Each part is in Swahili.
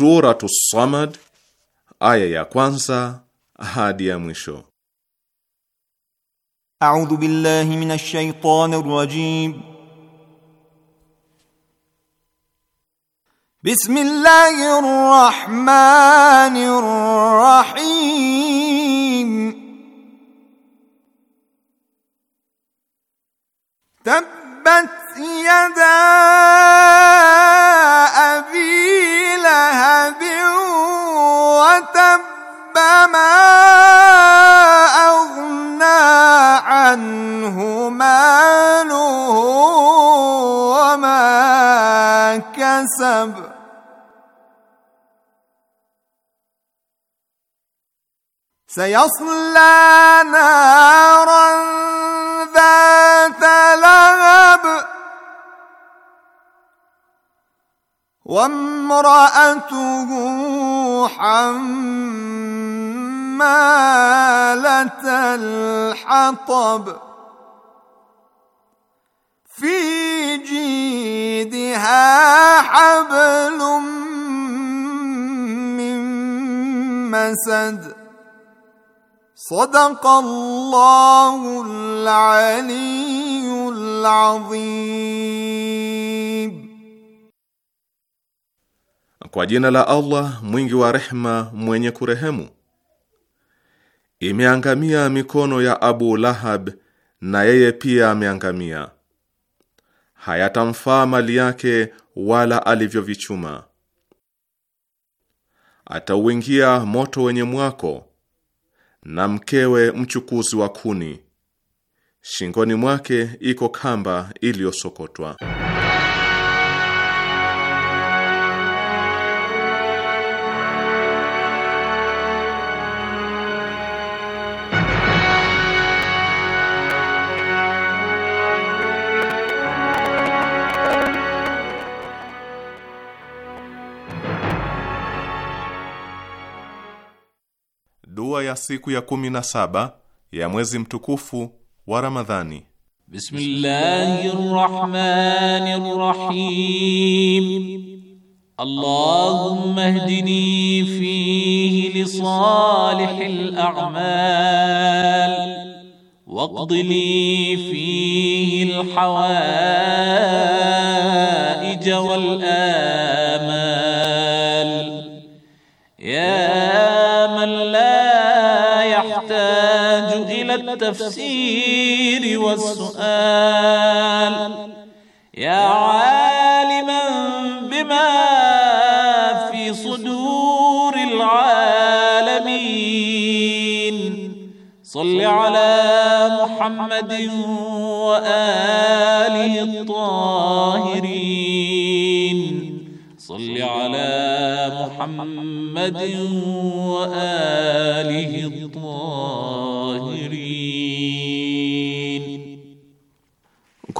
Suratu Samad aya ya kwanza hadi ya mwisho. A'udhu billahi minash shaitanir rajim. Bismillahir rahmanir rahim. Tabbat yada abi لهب وتب ما أغنى عنه ماله وما كسب سيصلى نارا ذات لهب وامرأته حمالة الحطب في جيدها حبل من مسد صدق الله العلي العظيم Kwa jina la Allah mwingi wa rehma, mwenye kurehemu. Imeangamia mikono ya Abu Lahab, na yeye pia ameangamia. Hayatamfaa mali yake wala alivyovichuma. Atauingia moto wenye mwako, na mkewe mchukuzi wa kuni. Shingoni mwake iko kamba iliyosokotwa. ya siku ya kumi na saba ya mwezi mtukufu wa Ramadhani. Bismillahirrahmanirrahim. Allahumma ihdini fihi li salihil a'mal waqdi li fihi al hawaij wal التفسير والسؤال يا عالما بما في صدور العالمين صل على محمد وآله الطاهرين صل على محمد وآله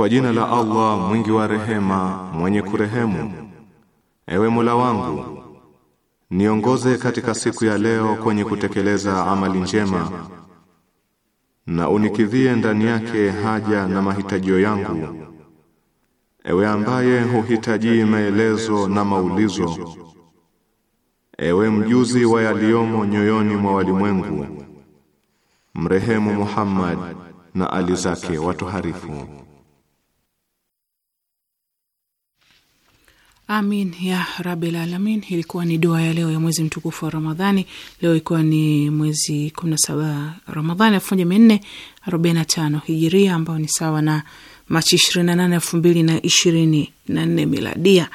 Kwa jina la Allah mwingi wa rehema, mwenye kurehemu. Ewe Mola wangu, niongoze katika siku ya leo kwenye kutekeleza amali njema na unikidhie ndani yake haja na mahitajio yangu. Ewe ambaye huhitaji maelezo na maulizo, ewe mjuzi wa yaliyomo nyoyoni mwa walimwengu, mrehemu Muhammad na ali zake watoharifu. Amin ya rabil alamin. Ilikuwa ni dua ya leo ya mwezi mtukufu wa Ramadhani, leo ikiwa ni mwezi kumi na saba Ramadhani elfu moja mia nne arobaini na tano hijiria ambayo ni sawa na Machi ishirini na nane elfu mbili na ishirini na nne miladia.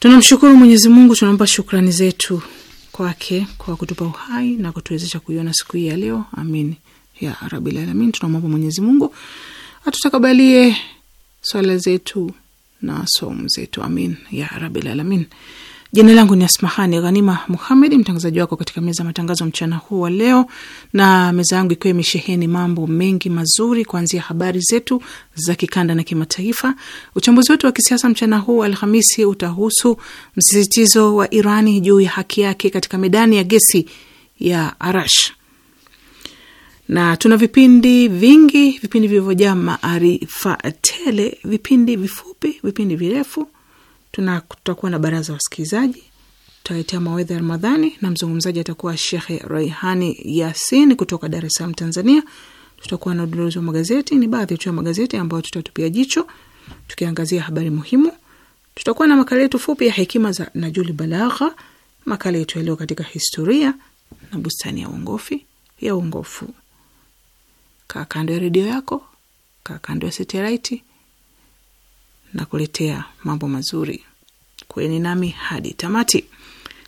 Tunamshukuru Mwenyezi Mungu, tunampa shukrani zetu kwake kwa kutupa uhai na kutuwezesha kuiona siku hii ya leo. Amin ya rabil alamin. Tunamwomba Mwenyezi Mungu atutakabalie swala zetu na somu zetu, amin ya rabil alamin. Jina langu ni Asmahani Ghanima Muhamedi, mtangazaji wako katika meza ya matangazo mchana huu wa leo, na meza yangu ikiwa imesheheni mambo mengi mazuri, kuanzia habari zetu za kikanda na kimataifa. Uchambuzi wetu wa kisiasa mchana huu Alhamisi utahusu msisitizo wa Irani juu ya haki yake katika medani ya gesi ya Arash na tuna vipindi vingi, vipindi vilivyojaa maarifa tele, vipindi vifupi, vipindi virefu. Tuna Tutakuwa na baraza wasikilizaji, tutaletea mawedha ya Ramadhani na mzungumzaji atakuwa Shekhe Raihani Yasin kutoka Dar es Salaam, Tanzania. Tutakuwa na uduluzi wa magazeti, ni baadhi tu ya magazeti ambayo tutatupia jicho tukiangazia habari muhimu. Tutakuwa na makala yetu fupi ya hekima za Najuli Balagha, makala yetu yaliyo katika historia na bustani ya uongofi ya uongofu kaa kando ya redio yako, kaa kando ya satelaiti na kuletea mambo mazuri. Kweni nami hadi tamati.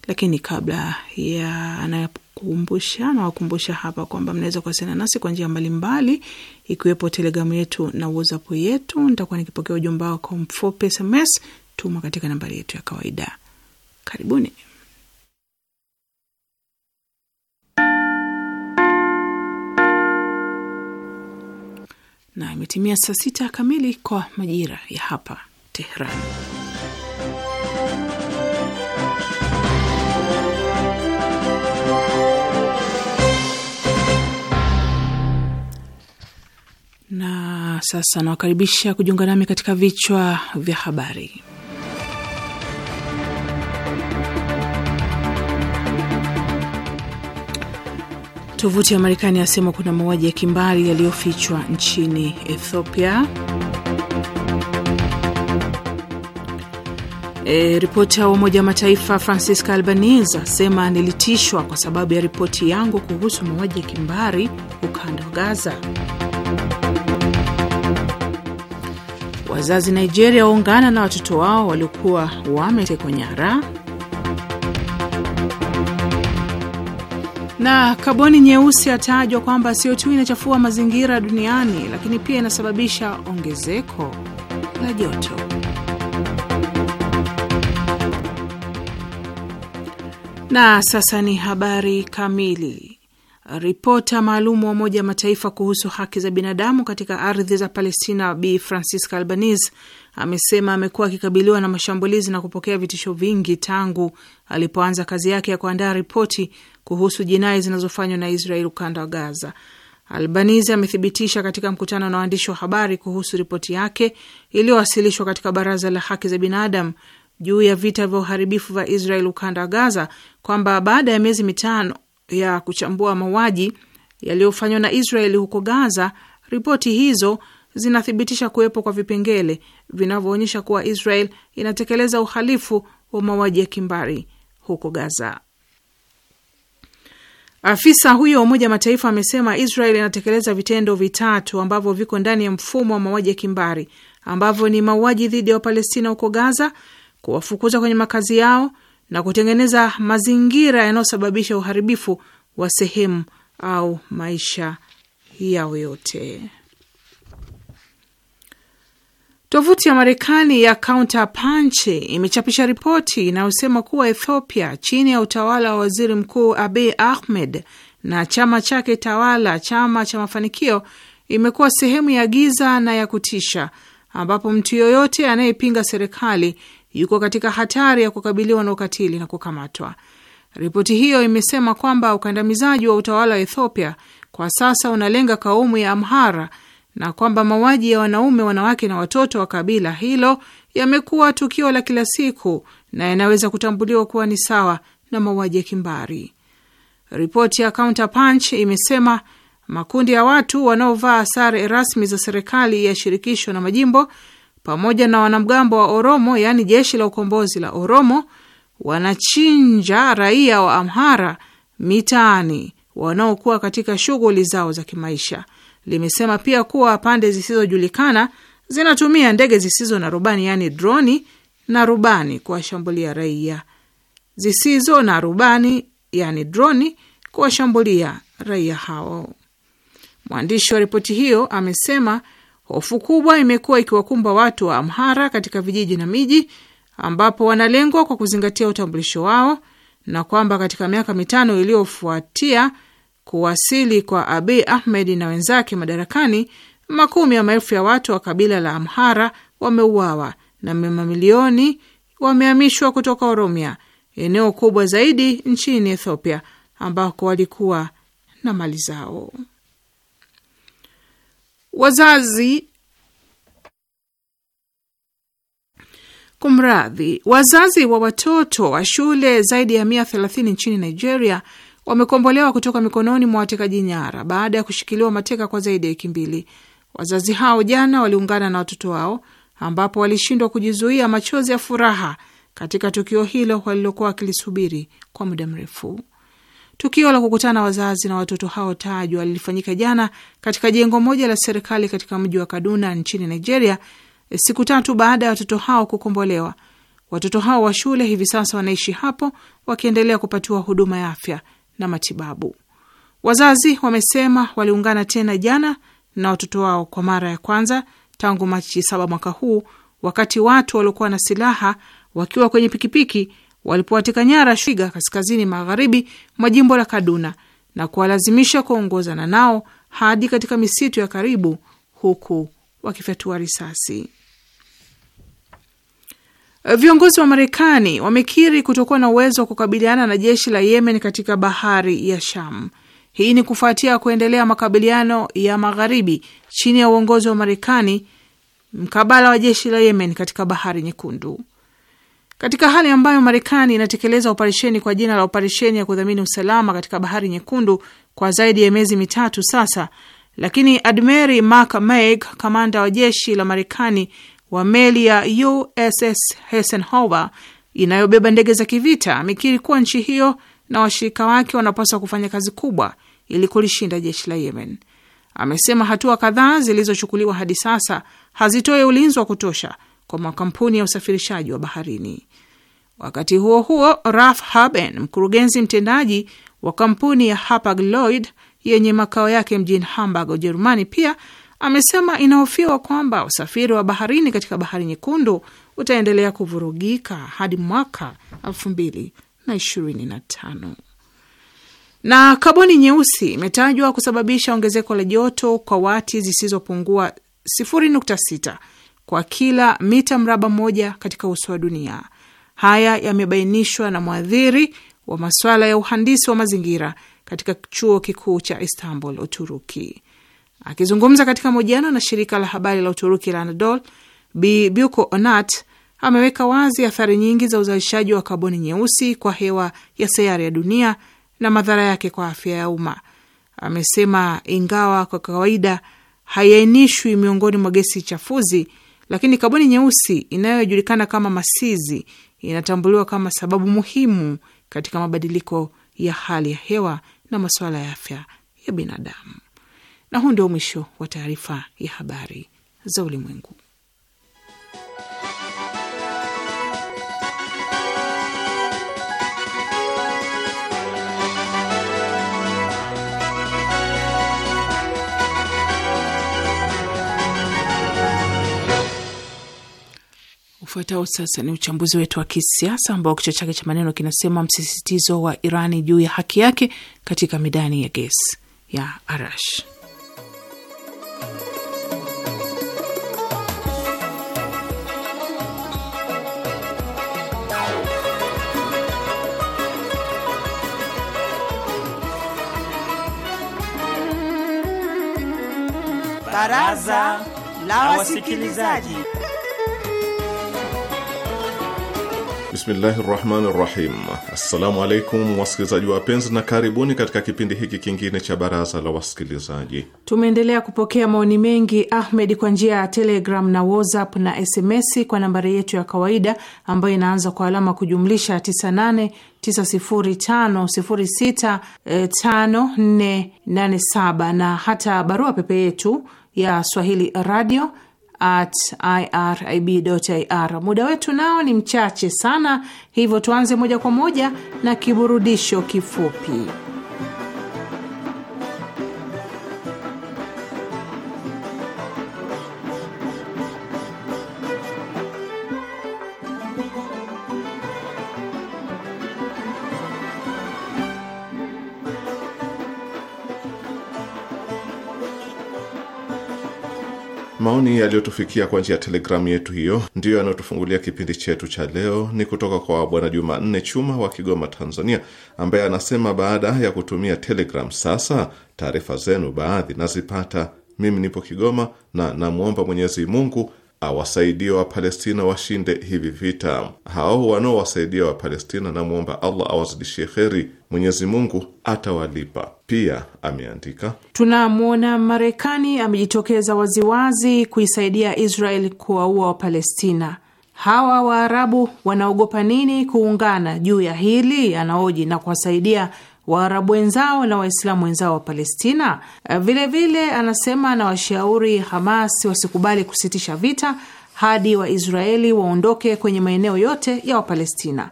Lakini kabla ya anakumbusha na wakumbusha hapa kwamba mnaweza kuwasiliana nasi kwa njia mbalimbali, ikiwepo telegramu yetu na WhatsApp yetu. Nitakuwa nikipokea ujumbe wako mfupi SMS, tuma katika nambari yetu ya kawaida. Karibuni. na imetimia saa sita kamili kwa majira ya hapa Tehran. Na sasa nawakaribisha kujiunga nami katika vichwa vya habari. Tovuti ya Marekani yasema kuna mauaji ya kimbari yaliyofichwa nchini Ethiopia. E, ripota wa Umoja wa Mataifa Francisca Albanese asema nilitishwa kwa sababu ya ripoti yangu kuhusu mauaji ya kimbari ukanda wa Gaza. Wazazi Nigeria waungana na watoto wao waliokuwa wametekwa nyara. Na kaboni nyeusi yatajwa kwamba co tu inachafua mazingira duniani, lakini pia inasababisha ongezeko la joto. Na sasa ni habari kamili. Ripota maalum wa Umoja wa Mataifa kuhusu haki za binadamu katika ardhi za Palestina Bi Francisca Albanese amesema amekuwa akikabiliwa na mashambulizi na kupokea vitisho vingi tangu alipoanza kazi yake ya kuandaa ripoti kuhusu jinai zinazofanywa na Israel ukanda wa Gaza. Albanese amethibitisha katika mkutano na waandishi wa habari kuhusu ripoti yake iliyowasilishwa katika Baraza la Haki za Binadamu juu ya vita vya uharibifu vya Israel ukanda wa Gaza kwamba baada ya miezi mitano ya kuchambua mauaji yaliyofanywa na Israeli huko Gaza, ripoti hizo zinathibitisha kuwepo kwa vipengele vinavyoonyesha kuwa Israel inatekeleza uhalifu wa mauaji ya kimbari huko Gaza. Afisa huyo wa Umoja Mataifa amesema Israel inatekeleza vitendo vitatu ambavyo viko ndani ya mfumo wa mauaji ya kimbari ambavyo ni mauaji dhidi ya Wapalestina huko Gaza, kuwafukuza kwenye makazi yao, na kutengeneza mazingira yanayosababisha uharibifu wa sehemu au maisha yao yote. Tovuti ya Marekani ya Counter panche imechapisha ripoti inayosema kuwa Ethiopia chini ya utawala wa waziri mkuu Abiy Ahmed na chama chake tawala, chama cha Mafanikio, imekuwa sehemu ya giza na ya kutisha, ambapo mtu yoyote anayepinga serikali yuko katika hatari ya kukabiliwa na ukatili na kukamatwa. Ripoti hiyo imesema kwamba ukandamizaji wa utawala wa Ethiopia kwa sasa unalenga kaumu ya Amhara na kwamba mauaji ya wanaume, wanawake na watoto wa kabila hilo yamekuwa tukio la kila siku na yanaweza kutambuliwa kuwa ni sawa na mauaji ya kimbari. Ripoti ya Counterpunch imesema makundi ya watu wanaovaa sare rasmi za serikali ya shirikisho na majimbo pamoja na wanamgambo wa Oromo, yaani jeshi la ukombozi la Oromo, wanachinja raia wa Amhara mitaani wanaokuwa katika shughuli zao za kimaisha. Limesema pia kuwa pande zisizojulikana zinatumia ndege zisizo na rubani, yaani droni na rubani kuwashambulia raia zisizo na rubani, yaani droni kuwashambulia raia hao. Mwandishi wa ripoti hiyo amesema Hofu kubwa imekuwa ikiwakumba watu wa Amhara katika vijiji na miji ambapo wanalengwa kwa kuzingatia utambulisho wao, na kwamba katika miaka mitano iliyofuatia kuwasili kwa Abiy Ahmed na wenzake madarakani, makumi ya maelfu ya watu wa kabila la Amhara wameuawa na mamilioni wamehamishwa kutoka Oromia, eneo kubwa zaidi nchini Ethiopia, ambako walikuwa na mali zao. Wazazi Kumradhi, wazazi wa watoto wa shule zaidi ya mia thelathini nchini Nigeria wamekombolewa kutoka mikononi mwa watekaji nyara baada ya kushikiliwa mateka kwa zaidi ya wiki mbili. Wazazi hao jana waliungana na watoto wao, ambapo walishindwa kujizuia machozi ya furaha katika tukio hilo walilokuwa wakilisubiri kwa muda mrefu. Tukio la kukutana wazazi na watoto hao tajwa lilifanyika jana katika jengo moja la serikali katika mji wa Kaduna nchini Nigeria, siku tatu baada ya watoto hao kukombolewa. Watoto hao wa shule hivi sasa wanaishi hapo wakiendelea kupatiwa huduma ya afya na matibabu. Wazazi wamesema waliungana tena jana na watoto wao kwa mara ya kwanza tangu Machi saba mwaka huu, wakati watu waliokuwa na silaha wakiwa kwenye pikipiki walipowateka nyara Shiga kaskazini magharibi mwa jimbo la Kaduna na kuwalazimisha kuongozana nao hadi katika misitu ya karibu huku wakifyatua risasi. Viongozi wa Marekani wamekiri kutokuwa na uwezo wa kukabiliana na jeshi la Yemen katika bahari ya Sham. Hii ni kufuatia kuendelea makabiliano ya magharibi chini ya uongozi wa Marekani mkabala wa jeshi la Yemen katika bahari Nyekundu. Katika hali ambayo Marekani inatekeleza operesheni kwa jina la operesheni ya kudhamini usalama katika bahari nyekundu kwa zaidi ya miezi mitatu sasa, lakini Admeri Mark Meig, kamanda wa jeshi la Marekani wa meli ya USS Eisenhower inayobeba ndege za kivita, amekiri kuwa nchi hiyo na washirika wake wanapaswa kufanya kazi kubwa ili kulishinda jeshi la Yemen. Amesema hatua kadhaa zilizochukuliwa hadi sasa hazitoi ulinzi wa kutosha kwa makampuni ya usafirishaji wa baharini. Wakati huo huo, Raf Haben, mkurugenzi mtendaji wa kampuni ya Hapag Lloyd yenye makao yake mjini Hamburg, Ujerumani, pia amesema inahofiwa kwamba usafiri wa baharini katika bahari nyekundu utaendelea kuvurugika hadi mwaka 2025. Na kaboni nyeusi imetajwa kusababisha ongezeko la joto kwa wati zisizopungua 0.6 kwa kila mita mraba moja katika uso wa dunia. Haya yamebainishwa na mwadhiri wa masuala ya uhandisi wa mazingira katika chuo kikuu cha Istanbul, Uturuki. Akizungumza katika mojano na shirika la habari la Uturuki la Anadolu, Bi Buko Onat ameweka wazi athari nyingi za uzalishaji wa kaboni nyeusi kwa hewa ya sayari ya dunia na madhara yake kwa afya ya umma. Amesema ingawa kwa kawaida haiainishwi miongoni mwa gesi chafuzi, lakini kaboni nyeusi inayojulikana kama masizi inatambuliwa kama sababu muhimu katika mabadiliko ya hali ya hewa na masuala ya afya ya binadamu. Na huu ndio mwisho wa taarifa ya habari za ulimwengu. Ufuatao sasa ni uchambuzi wetu wa kisiasa ambao kichwa chake cha maneno kinasema msisitizo wa Irani juu ya haki yake katika midani ya gesi ya Arash. Baraza la Wasikilizaji. Bismillahi rahmani rahim. Assalamu alaikum wasikilizaji wapenzi, na karibuni katika kipindi hiki kingine cha baraza la wasikilizaji. Tumeendelea kupokea maoni mengi Ahmed, kwa njia ya Telegram na WhatsApp na SMS kwa nambari yetu ya kawaida ambayo inaanza kwa alama kujumlisha 989035065487 eh, na hata barua pepe yetu ya swahili radio at irib.ir. Muda wetu nao ni mchache sana, hivyo tuanze moja kwa moja na kiburudisho kifupi. Maoni yaliyotufikia kwa njia ya telegramu yetu hiyo ndiyo yanayotufungulia kipindi chetu cha leo. Ni kutoka kwa Bwana Jumanne Chuma wa Kigoma, Tanzania, ambaye anasema baada ya kutumia telegramu sasa taarifa zenu baadhi nazipata. Mimi nipo Kigoma na namwomba Mwenyezi Mungu awasaidie Wapalestina washinde hivi vita. Hao wanaowasaidia Wapalestina namwomba Allah awazidishie kheri Mwenyezi Mungu atawalipa. Pia ameandika, tunamwona Marekani amejitokeza waziwazi kuisaidia Israel kuwaua Wapalestina. Hawa Waarabu wanaogopa nini kuungana juu ya hili anaoji na kuwasaidia Waarabu wenzao na Waislamu wenzao wa Palestina. Vilevile anasema na washauri Hamas wasikubali kusitisha vita hadi Waisraeli waondoke kwenye maeneo yote ya Wapalestina.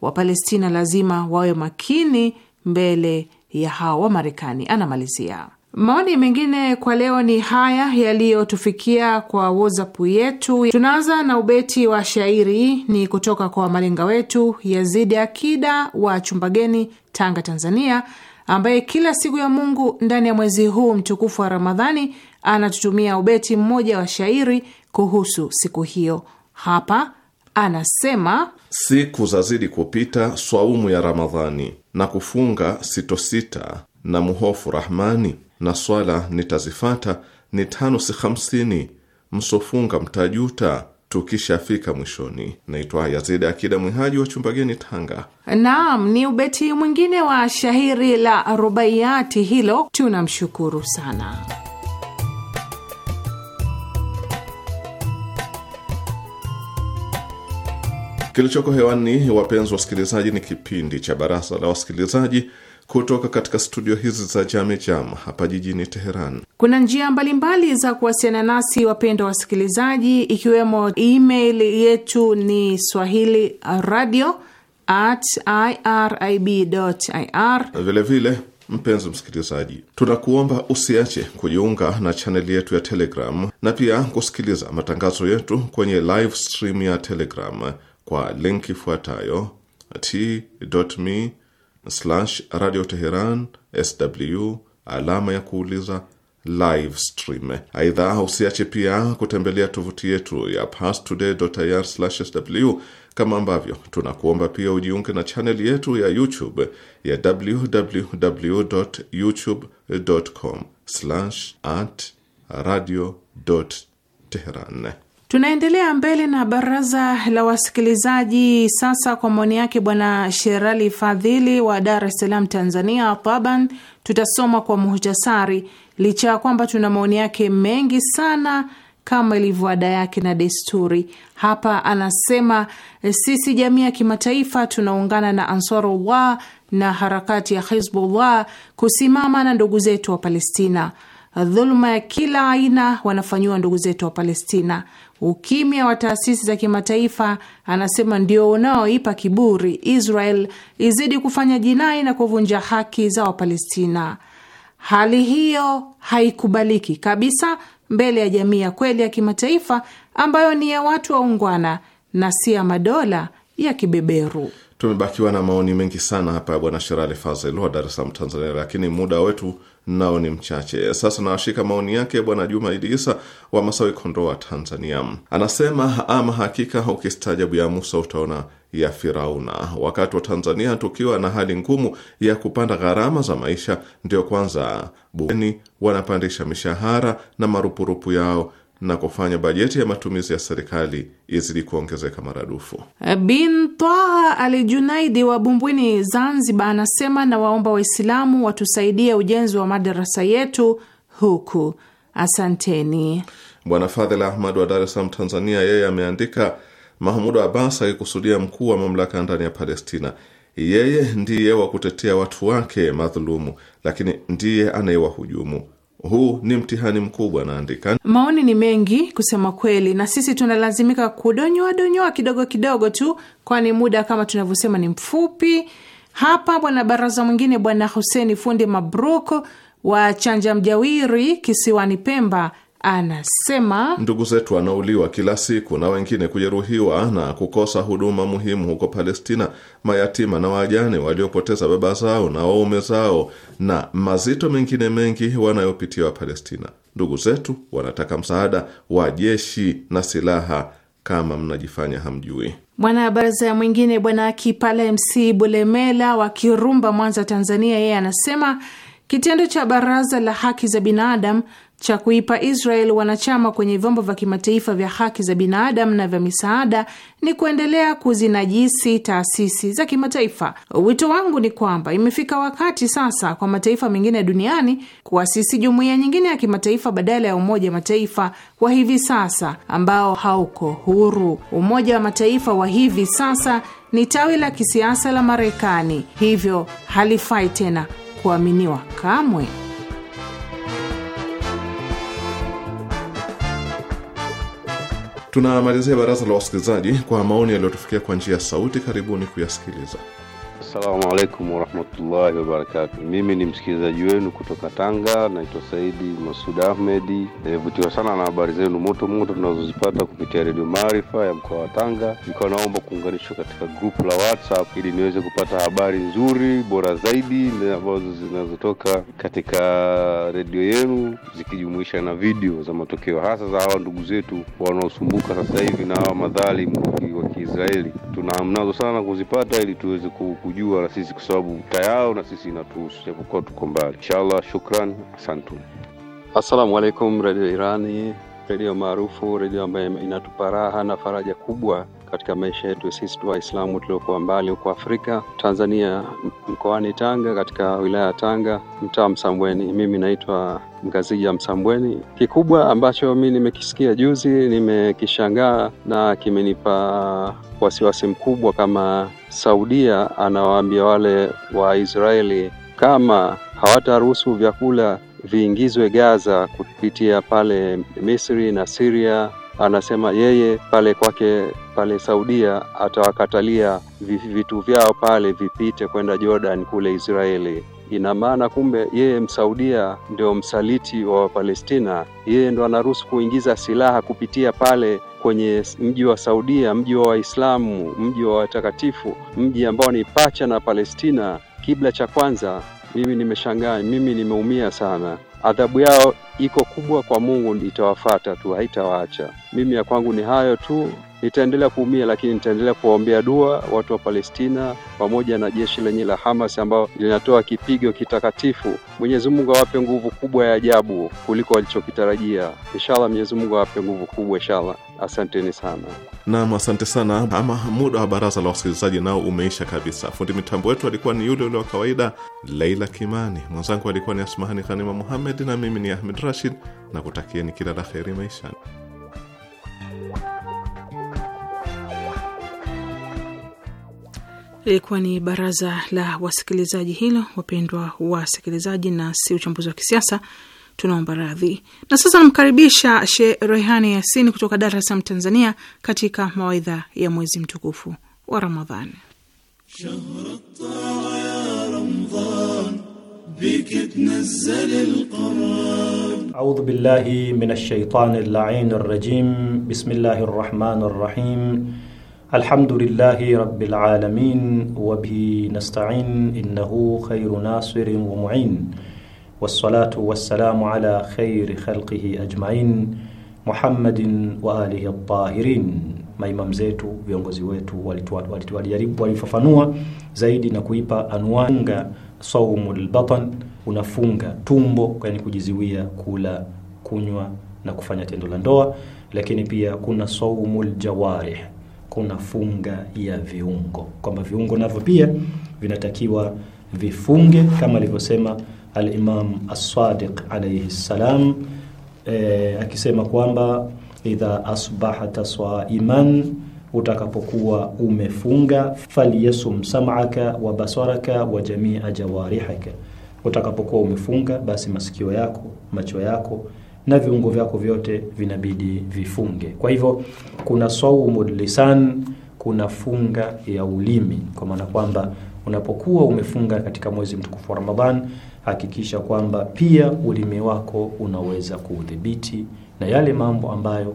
Wapalestina lazima wawe makini mbele ya hao wa Marekani, anamalizia. Maoni mengine kwa leo ni haya yaliyotufikia kwa whatsapp yetu. Tunaanza na ubeti wa shairi, ni kutoka kwa malenga wetu Yazidi Akida wa Chumbageni, Tanga, Tanzania, ambaye kila siku ya Mungu ndani ya mwezi huu mtukufu wa Ramadhani anatutumia ubeti mmoja wa shairi kuhusu siku hiyo. Hapa anasema siku zazidi kupita swaumu ya Ramadhani na kufunga sitosita na muhofu Rahmani na swala nitazifata ni tano si hamsini, msofunga mtajuta tukishafika mwishoni. Naitwa Yazidi Akida Mwihaji wa Chumbageni, Tanga. Naam, ni ubeti mwingine wa shahiri la Rubaiyati hilo, tunamshukuru sana. Kilichoko hewani, wapenzi wasikilizaji, ni kipindi cha Baraza la Wasikilizaji kutoka katika studio hizi za Jame Jam hapa jijini Teheran. Kuna njia mbalimbali mbali za kuwasiliana nasi, wapendwa wasikilizaji, ikiwemo email yetu ni swahili radio at irib ir. Vilevile mpenzi msikilizaji, tunakuomba usiache kujiunga na chaneli yetu ya Telegram na pia kusikiliza matangazo yetu kwenye live stream ya Telegram kwa linki ifuatayo t.me radio Teheran sw alama ya kuuliza live stream. Aidha, usiache pia kutembelea tovuti yetu ya pastoday.ir/sw, kama ambavyo tunakuomba pia ujiunge na chaneli yetu ya YouTube ya www.youtube.com/at radio Teheran. Tunaendelea mbele na baraza la wasikilizaji sasa. Kwa maoni yake Bwana Sherali Fadhili wa Dar es Salaam, Tanzania, taban tutasoma kwa muhtasari, licha ya kwamba tuna maoni yake mengi sana kama ilivyo ada yake na desturi. Hapa anasema sisi jamii ya kimataifa tunaungana na Ansarullah na harakati ya Hizbullah kusimama na ndugu zetu wa Palestina. Dhuluma ya kila aina wanafanyiwa ndugu zetu wa Palestina. Ukimya wa taasisi za kimataifa anasema ndio unaoipa kiburi Israel izidi kufanya jinai na kuvunja haki za Wapalestina. Hali hiyo haikubaliki kabisa mbele ya jamii ya kweli ya kimataifa ambayo ni ya watu waungwana na si ya madola ya kibeberu. Tumebakiwa na maoni mengi sana hapa ya Bwana Sherali Fazil wa Dar es Salaam, Tanzania, lakini muda wetu nao ni mchache. Sasa nawashika maoni yake Bwana Juma Idi Isa wa Masawi, Kondoa, Tanzania. Anasema, ama hakika ukistaajabu ya Musa utaona ya Firauna. Wakati wa Tanzania tukiwa na hali ngumu ya kupanda gharama za maisha, ndio kwanza bueni wanapandisha mishahara na marupurupu yao na kufanya bajeti ya matumizi ya serikali izidi kuongezeka maradufu. Eh, Bin Twaha Al Junaidi wa Bumbwini, Zanzibar, anasema na waomba Waislamu watusaidie ujenzi wa madarasa yetu huku. Asanteni. Bwana Fadhel Ahmad wa Dar es Salaam, Tanzania, yeye ameandika Mahmud Abbas akikusudia mkuu wa mamlaka ndani ya Palestina. Yeye ndiye wa kutetea watu wake madhulumu, lakini ndiye anayewahujumu. Huu ni mtihani mkubwa, naandika. Maoni ni mengi kusema kweli, na sisi tunalazimika kudonyoa donyoa kidogo kidogo tu, kwani muda kama tunavyosema ni mfupi. Hapa bwana baraza mwingine, bwana Huseni Fundi Mabruk wa Chanja Mjawiri kisiwani Pemba anasema ndugu zetu wanauliwa kila siku na wengine kujeruhiwa na kukosa huduma muhimu huko Palestina. Mayatima na wajane waliopoteza baba zao na waume zao na mazito mengine mengi wanayopitia wa Palestina. Ndugu zetu wanataka msaada wa jeshi na silaha, kama mnajifanya hamjui. ya mwingine Bwana Kipala MC Bulemela wa Kirumba, Mwanza, Tanzania, yeye anasema Kitendo cha Baraza la Haki za Binadamu cha kuipa Israel wanachama kwenye vyombo vya kimataifa vya haki za binadamu na vya misaada ni kuendelea kuzinajisi taasisi za kimataifa. Wito wangu ni kwamba imefika wakati sasa kwa mataifa mengine duniani kuasisi jumuiya nyingine ya kimataifa badala ya Umoja wa Mataifa wa hivi sasa ambao hauko huru. Umoja wa Mataifa wa hivi sasa ni tawi la kisiasa la Marekani, hivyo halifai tena kuaminiwa kamwe? Tunamalizia baraza la wasikilizaji kwa maoni yaliyotufikia kwa njia ya sauti. Karibuni kuyasikiliza. Assalamu alaikum warahmatullahi wabarakatu. Mimi ni msikilizaji wenu kutoka Tanga, naitwa Saidi Masud Ahmedi. Nimevutiwa sana na habari zenu moto moto tunazozipata kupitia redio Maarifa ya mkoa wa Tanga. Nilikuwa naomba kuunganishwa katika grupu la WhatsApp ili niweze kupata habari nzuri bora zaidi ambazo zinazotoka katika redio yenu zikijumuisha na video za matokeo, hasa za hawa ndugu zetu wanaosumbuka sasa hivi na hawa madhalimu wa Kiisraeli. tunamnazo sana kuzipata ili tuweze kujua wanatujua na sisi kwa sababu tayao na sisi inatuhusu japokuwa tuko mbali. Inshallah, shukran, asantuni. Assalamu alaikum, redio Irani, redio maarufu, redio ambayo inatupa raha na faraja kubwa katika maisha yetu sisi tu Waislamu tuliokuwa mbali huko Afrika, Tanzania, mkoani Tanga, katika wilaya ya Tanga, mtaa Msambweni. Mimi naitwa Mgazija Msambweni. Kikubwa ambacho mi nimekisikia juzi, nimekishangaa na kimenipa wasiwasi mkubwa, kama Saudia anawaambia wale Waisraeli kama hawataruhusu vyakula viingizwe Gaza kupitia pale Misri na Siria anasema yeye pale kwake pale Saudia atawakatalia vitu vyao pale vipite kwenda Jordan kule Israeli. Ina maana kumbe yeye msaudia ndio msaliti wa Wapalestina, yeye ndo anaruhusu kuingiza silaha kupitia pale kwenye mji wa Saudia, mji wa Waislamu, mji wa watakatifu, mji ambao ni pacha na Palestina, kibla cha kwanza. Mimi nimeshangaa, mimi nimeumia sana adhabu yao iko kubwa kwa Mungu, itawafata tu, haitawaacha. Mimi ya kwangu ni hayo tu. Nitaendelea kuumia, lakini nitaendelea kuwaombea dua watu wa Palestina pamoja na jeshi lenye la Hamas ambao linatoa kipigo kitakatifu. Mwenyezi Mungu awape nguvu kubwa ya ajabu kuliko walichokitarajia. Inshallah, Mwenyezi Mungu awape nguvu kubwa, inshallah. Asanteni sana. Naam, asante sana. Ama muda wa baraza la wasikilizaji nao umeisha kabisa. Fundi mitambo wetu alikuwa ni yule ule wa kawaida, Leila Kimani. Mwenzangu alikuwa ni Asmahani Ghanima Muhammed, na mimi ni Ahmed Rashid, na kutakieni kila la heri maishani. Ilikuwa ni baraza la wasikilizaji hilo, wapendwa wasikilizaji, na si uchambuzi wa kisiasa tunaomba radhi. Na sasa namkaribisha She Rehani Yasini kutoka Dar es Salaam, Tanzania, katika mawaidha ya mwezi mtukufu wa Ramadhani. Audhu billahi minash shaitani llain rajim. Bismillahi rrahmani rrahim. Alhamdulillahi rabbil alamin wa bihi nasta'in innahu khairu nasirin wa mu'in wassalatu wassalamu ala khairi khalqihi ajmain Muhammadin wa alihi at-tahirin. Maimam zetu viongozi wetu walijaribu walifafanua zaidi na kuipa anwanga saumul batn, unafunga tumbo, yani kujiziwia kula, kunywa na kufanya tendo la ndoa. Lakini pia kuna saumul jawarih, kuna funga ya viungo, kwamba viungo navyo pia vinatakiwa vifunge kama alivyosema al-Imam as-Sadiq alayhi salam e, akisema kwamba idha asbahata saiman, utakapokuwa umefunga, falyasum sam'aka wa basaraka wa jami'a jawarihaka, utakapokuwa umefunga, basi masikio yako, macho yako na viungo vyako vyote vinabidi vifunge. Kwa hivyo kuna saumul lisan, kuna funga ya ulimi, kwa maana kwamba unapokuwa umefunga katika mwezi mtukufu wa Ramadhan hakikisha kwamba pia ulimi wako unaweza kuudhibiti na yale mambo ambayo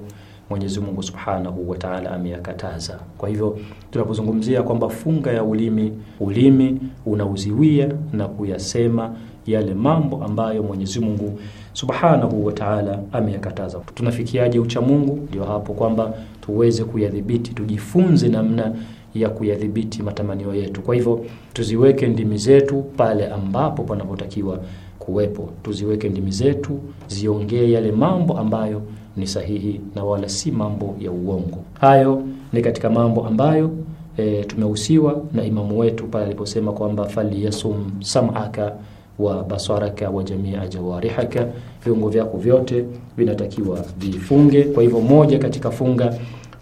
Mwenyezi Mungu Subhanahu wa Ta'ala ameyakataza. Kwa hivyo tunapozungumzia kwamba funga ya ulimi, ulimi unauziwia na kuyasema yale mambo ambayo Mwenyezi Mungu Subhanahu wa Ta'ala ameyakataza. Tunafikiaje ucha Mungu? Ndio hapo kwamba tuweze kuyadhibiti, tujifunze namna ya kuyadhibiti matamanio yetu. Kwa hivyo tuziweke ndimi zetu pale ambapo panapotakiwa kuwepo, tuziweke ndimi zetu ziongee yale mambo ambayo ni sahihi na wala si mambo ya uongo. Hayo ni katika mambo ambayo e, tumehusiwa na imamu wetu pale aliposema kwamba yasum sam'aka wa basaraka wa jamia jawarihaka, viungo vyako vyote vinatakiwa vifunge. Kwa hivyo moja katika funga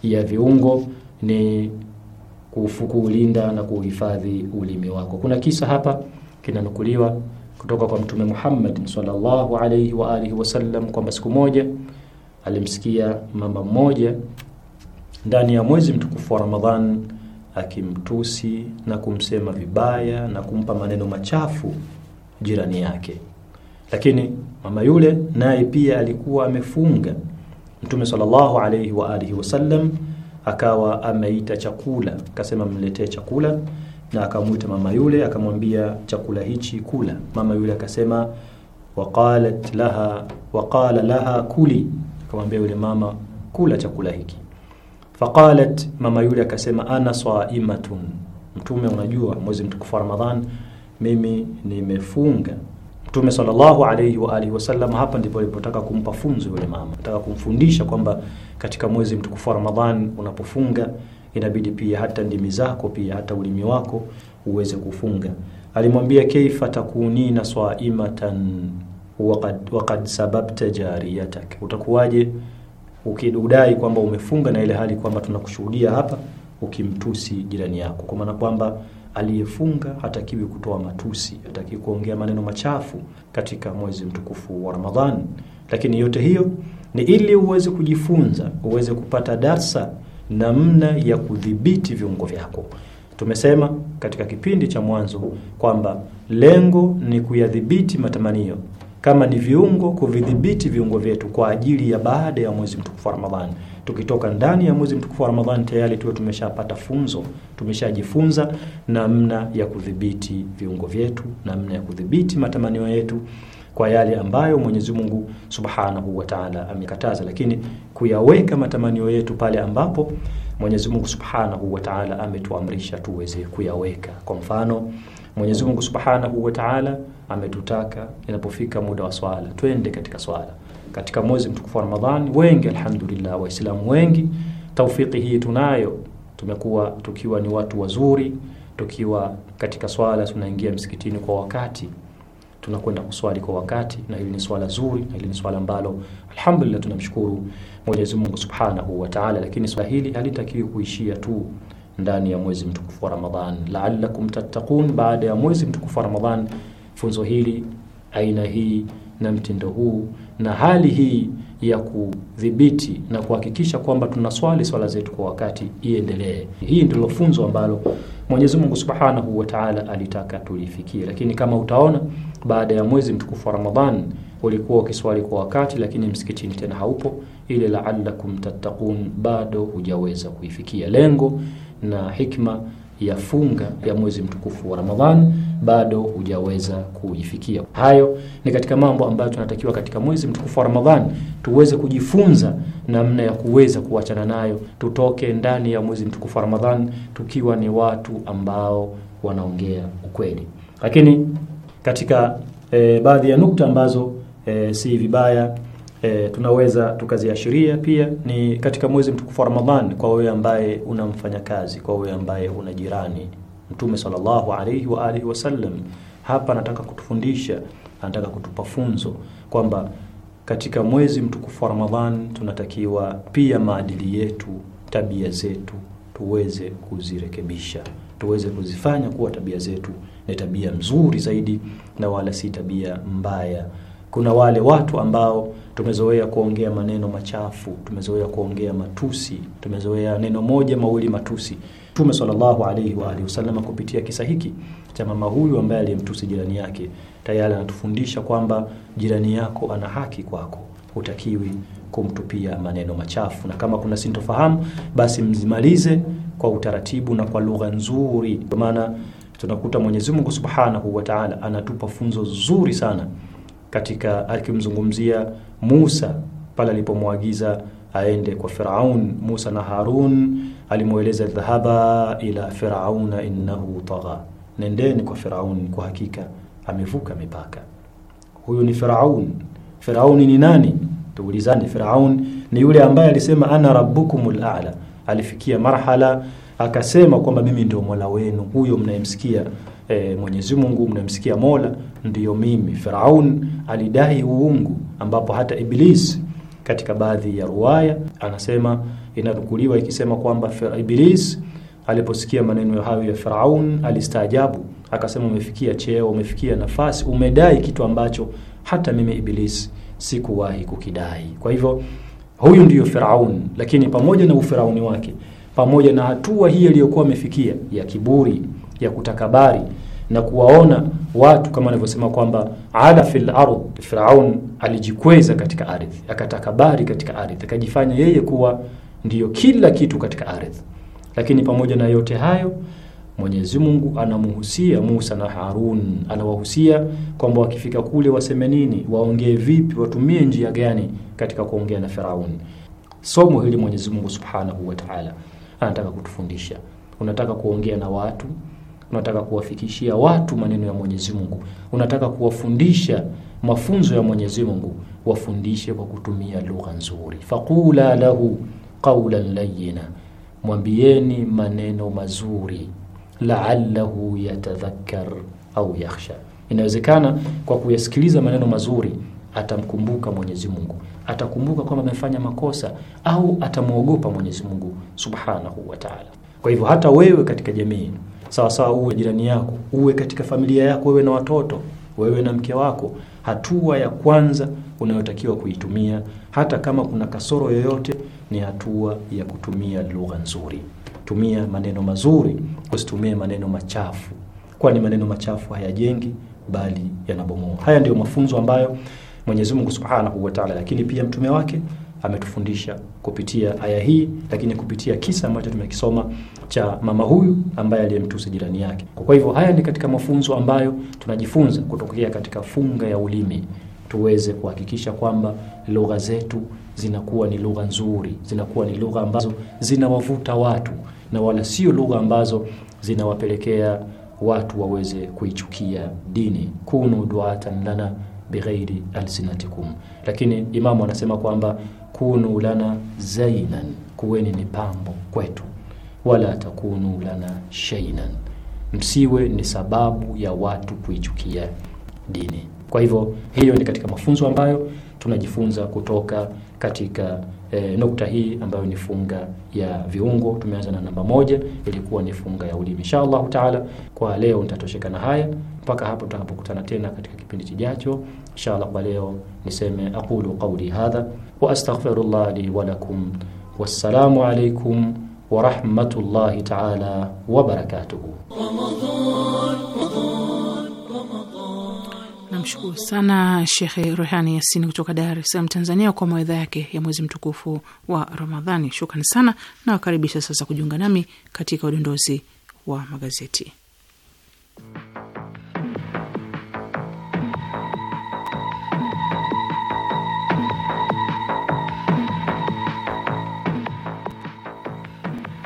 ya viungo ni kuulinda na kuuhifadhi ulimi wako. Kuna kisa hapa kinanukuliwa kutoka kwa Mtume Muhammad sallallahu alayhi wa alihi wasallam kwamba siku moja alimsikia mama mmoja ndani ya mwezi mtukufu wa Ramadhan akimtusi na kumsema vibaya na kumpa maneno machafu jirani yake, lakini mama yule naye pia alikuwa amefunga. Mtume sallallahu alayhi wa alihi wasallam akawa ameita chakula, akasema mletee chakula, na akamwita mama yule, akamwambia chakula hichi kula. Mama yule akasema waqalat laha waqala laha kuli, akamwambia yule mama kula chakula hiki. Faqalat, mama yule akasema ana saimatun. Mtume, unajua mwezi mtukufu wa Ramadhan, mimi nimefunga Mtume sallallahu alayhi wa alihi wasallam, hapa ndipo alipotaka kumpa funzo yule mama, nataka kumfundisha kwamba katika mwezi mtukufu wa Ramadhani unapofunga inabidi pia hata ndimi zako pia hata ulimi wako uweze kufunga. Alimwambia, kaifa takunina swaimatan waqad waqad sababta jariyatak, utakuwaje ukidai kwamba umefunga na ile hali kwamba tunakushuhudia hapa ukimtusi jirani yako, kwa maana kwamba aliyefunga hatakiwi kutoa matusi, hatakiwi kuongea maneno machafu katika mwezi mtukufu wa ramadhan Lakini yote hiyo ni ili uweze kujifunza, uweze kupata darsa namna ya kudhibiti viungo vyako. Tumesema katika kipindi cha mwanzo kwamba lengo ni kuyadhibiti matamanio, kama ni viungo, kuvidhibiti viungo vyetu kwa ajili ya baada ya mwezi mtukufu wa Ramadhani tukitoka ndani ya mwezi mtukufu wa Ramadhani tayari tuwe tumeshapata funzo, tumeshajifunza namna ya kudhibiti viungo vyetu, namna ya kudhibiti matamanio yetu kwa yale ambayo Mwenyezi Mungu Subhanahu wa Ta'ala amekataza, lakini kuyaweka matamanio yetu pale ambapo Mwenyezi Mungu Subhanahu wa Ta'ala ametuamrisha tuweze kuyaweka. Kwa mfano, Mwenyezi Mungu Subhanahu wa Ta'ala ametutaka inapofika muda wa swala twende katika swala katika mwezi mtukufu wa Ramadhani. Wengi alhamdulillah, Waislamu wengi taufiki hii tunayo, tumekuwa tukiwa ni watu wazuri, tukiwa katika swala tunaingia msikitini kwa wakati, tunakwenda kuswali kwa wakati, na hili ni swala zuri, na hili ni swala ambalo alhamdulillah tunamshukuru Mwenyezi Mungu Subhanahu wa Ta'ala. Lakini swala hili halitakiwi kuishia tu ndani ya mwezi mtukufu wa Ramadhani, la'allakum tattaqun. Baada ya mwezi mtukufu wa Ramadhani, funzo hili aina hii na mtindo huu na hali hii ya kudhibiti na kuhakikisha kwamba tunaswali swala zetu kwa wakati iendelee. Hii ndilo funzo ambalo Mwenyezi Mungu Subhanahu wa Ta'ala alitaka tulifikie. Lakini kama utaona, baada ya mwezi mtukufu wa Ramadhan ulikuwa ukiswali kwa wakati, lakini msikitini tena haupo. Ile la'allakum tattaqun bado hujaweza kuifikia lengo na hikma ya funga ya mwezi mtukufu wa ramadhan bado hujaweza kujifikia Hayo ni katika mambo ambayo tunatakiwa katika mwezi mtukufu wa ramadhan tuweze kujifunza namna ya kuweza kuachana nayo, tutoke ndani ya mwezi mtukufu wa ramadhan tukiwa ni watu ambao wanaongea ukweli. Lakini katika e, baadhi ya nukta ambazo e, si vibaya e, tunaweza tukaziashiria pia ni katika mwezi mtukufu wa Ramadhan kwa wewe ambaye unamfanya kazi, kwa wewe ambaye una jirani. Mtume sallallahu alayhi wa alihi wasallam hapa anataka kutufundisha, anataka kutupa funzo kwamba katika mwezi mtukufu wa Ramadhan tunatakiwa pia maadili yetu, tabia zetu tuweze kuzirekebisha, tuweze kuzifanya kuwa tabia zetu ni tabia nzuri zaidi na wala si tabia mbaya. Kuna wale watu ambao tumezoea kuongea maneno machafu, tumezoea kuongea matusi, tumezoea neno moja mawili matusi. Mtume sallallahu alaihi wa alihi wasallam kupitia kisa hiki cha mama huyu ambaye alimtusi jirani yake, tayari anatufundisha kwamba jirani yako ana haki kwako, hutakiwi kumtupia maneno machafu, na kama kuna sintofahamu, basi mzimalize kwa utaratibu na kwa lugha nzuri. Kwa maana tunakuta Mwenyezi Mungu subhanahu wa Ta'ala anatupa funzo zuri sana katika akimzungumzia Musa pale alipomwagiza aende kwa Firaun. Musa na Harun alimweleza dhahaba ila firauna innahu tagha, nendeni kwa Firaun, kwa hakika amevuka mipaka. Huyu ni Firaun. Firauni ni nani? Tuulizane. Firaun ni yule ambaye alisema ana rabbukumul a'la, alifikia marhala akasema kwamba mimi ndio mola wenu, huyo mnayemsikia e, Mwenyezi Mungu mnamsikia Mola ndiyo mimi. Firaun alidai uungu, ambapo hata Iblis katika baadhi ya ruwaya anasema inanukuliwa ikisema kwamba Iblis aliposikia maneno hayo ya Firaun alistaajabu, akasema umefikia cheo, umefikia nafasi, umedai kitu ambacho hata mimi Iblis sikuwahi kukidai. Kwa hivyo huyu ndiyo Firaun, lakini pamoja na ufirauni wake, pamoja na hatua hii aliyokuwa amefikia ya kiburi ya kutakabari na kuwaona watu kama wanavyosema kwamba ala fil ard, Firaun alijikweza katika ardhi, akatakabari katika ardhi, akajifanya yeye kuwa ndiyo kila kitu katika ardhi. Lakini pamoja na yote hayo Mwenyezi Mungu anamuhusia Musa na Harun, anawahusia kwamba wakifika kule waseme nini, waongee vipi, watumie njia gani katika kuongea na Firaun. Somo hili Mwenyezi Mungu Subhanahu wa Ta'ala anataka kutufundisha. Unataka kuongea na watu unataka kuwafikishia watu maneno ya Mwenyezi Mungu, unataka kuwafundisha mafunzo ya Mwenyezi Mungu, wafundishe kwa kutumia lugha nzuri. Faqula lahu qawlan layyina, mwambieni maneno mazuri. Laallahu yatadhakkar au yakhsha, inawezekana kwa kuyasikiliza maneno mazuri atamkumbuka Mwenyezi Mungu, atakumbuka kwamba amefanya makosa au atamwogopa Mwenyezi Mungu subhanahu wa taala. Kwa hivyo hata wewe katika jamii sawasawa, uwe jirani yako, uwe katika familia yako, wewe na watoto, wewe na mke wako. Hatua ya kwanza unayotakiwa kuitumia, hata kama kuna kasoro yoyote, ni hatua ya kutumia lugha nzuri. Tumia maneno mazuri, usitumie maneno machafu, kwani maneno machafu hayajengi bali yanabomoa. Haya ndiyo mafunzo ambayo Mwenyezi Mungu Subhanahu wa Ta'ala, lakini pia mtume wake ametufundisha kupitia aya hii, lakini kupitia kisa ambacho tumekisoma cha mama huyu ambaye aliyemtusi jirani yake. Kwa hivyo haya ni katika mafunzo ambayo tunajifunza kutokea katika funga ya ulimi, tuweze kuhakikisha kwamba lugha zetu zinakuwa ni lugha nzuri, zinakuwa ni lugha ambazo zinawavuta watu na wala sio lugha ambazo zinawapelekea watu waweze kuichukia dini. kunu duatan lana bighairi alsinatikum. Lakini Imamu anasema kwamba kunu lana zainan, kuweni ni pambo kwetu, wala takunu lana shainan, msiwe ni sababu ya watu kuichukia dini. Kwa hivyo hiyo ni katika mafunzo ambayo tunajifunza kutoka katika e, nukta hii ambayo ni funga ya viungo. Tumeanza na namba moja, ilikuwa ni funga ya ulimi. Insha Allahu taala, kwa leo nitatosheka na haya. Mpaka hapo tutakapokutana tena katika kipindi kijacho inshallah. Kwa leo niseme aqulu qawli hadha wa astaghfirullah li wa lakum, wassalamu alaykum wa rahmatullahi ta'ala wa barakatuh. Namshukuru sana Shekhe Ruhani Yasini kutoka Dar es Salaam, Tanzania, kwa mawaidha yake ya mwezi mtukufu wa Ramadhani. Shukrani sana na sasa kujiunga nami katika udondozi wa magazeti.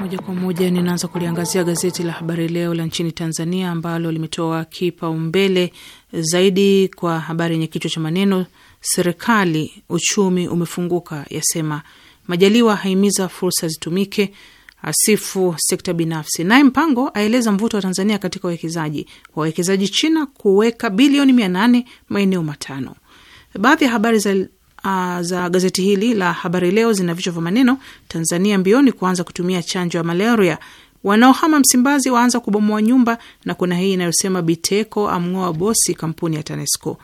Moja kwa moja ninaanza kuliangazia gazeti la Habari Leo la nchini Tanzania ambalo limetoa kipaumbele zaidi kwa habari yenye kichwa cha maneno serikali uchumi umefunguka, yasema Majaliwa haimiza fursa zitumike, asifu sekta binafsi. Naye Mpango aeleza mvuto wa Tanzania katika wawekezaji, wawekezaji China kuweka bilioni mia nane maeneo matano. Baadhi ya habari za uh, za gazeti hili la Habari Leo zina vichwa vya maneno: Tanzania mbioni kuanza kutumia chanjo ya malaria, wanaohama Msimbazi waanza kubomoa nyumba, na kuna hii inayosema Biteko amng'oa bosi kampuni ya TANESCO.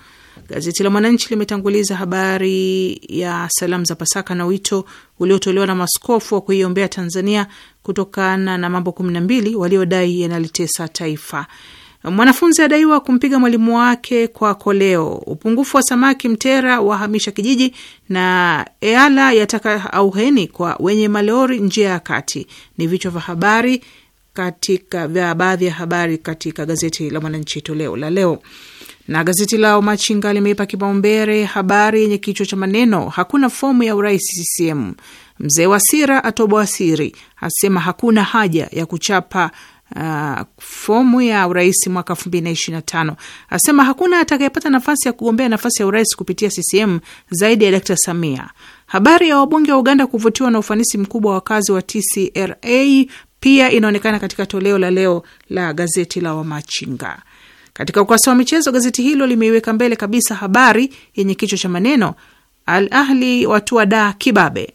Gazeti la Mwananchi limetanguliza habari ya salamu za Pasaka na wito uliotolewa na maskofu wa kuiombea Tanzania kutokana na mambo kumi na mbili waliodai yanalitesa taifa. Mwanafunzi adaiwa kumpiga mwalimu wake kwa koleo. Upungufu wa samaki Mtera wahamisha kijiji, na EALA yataka auheni kwa wenye malori njia ya kati. Ni vichwa vya habari katika vya baadhi ya habari katika gazeti la Mwananchi toleo la leo. Na gazeti la Machinga limeipa kipaumbele habari yenye kichwa cha maneno hakuna fomu ya urais CCM, mzee Wasira atoboa siri, asema hakuna haja ya kuchapa uh, fomu ya urais mwaka elfu mbili na ishirini na tano asema hakuna atakayepata nafasi ya kugombea nafasi ya urais kupitia CCM zaidi ya Dkt Samia. Habari ya wabunge wa Uganda kuvutiwa na ufanisi mkubwa wa kazi wa TCRA pia inaonekana katika toleo la leo la gazeti la Wamachinga. Katika ukurasa wa michezo, gazeti hilo limeiweka mbele kabisa habari yenye kichwa cha maneno Al Ahli watua da kibabe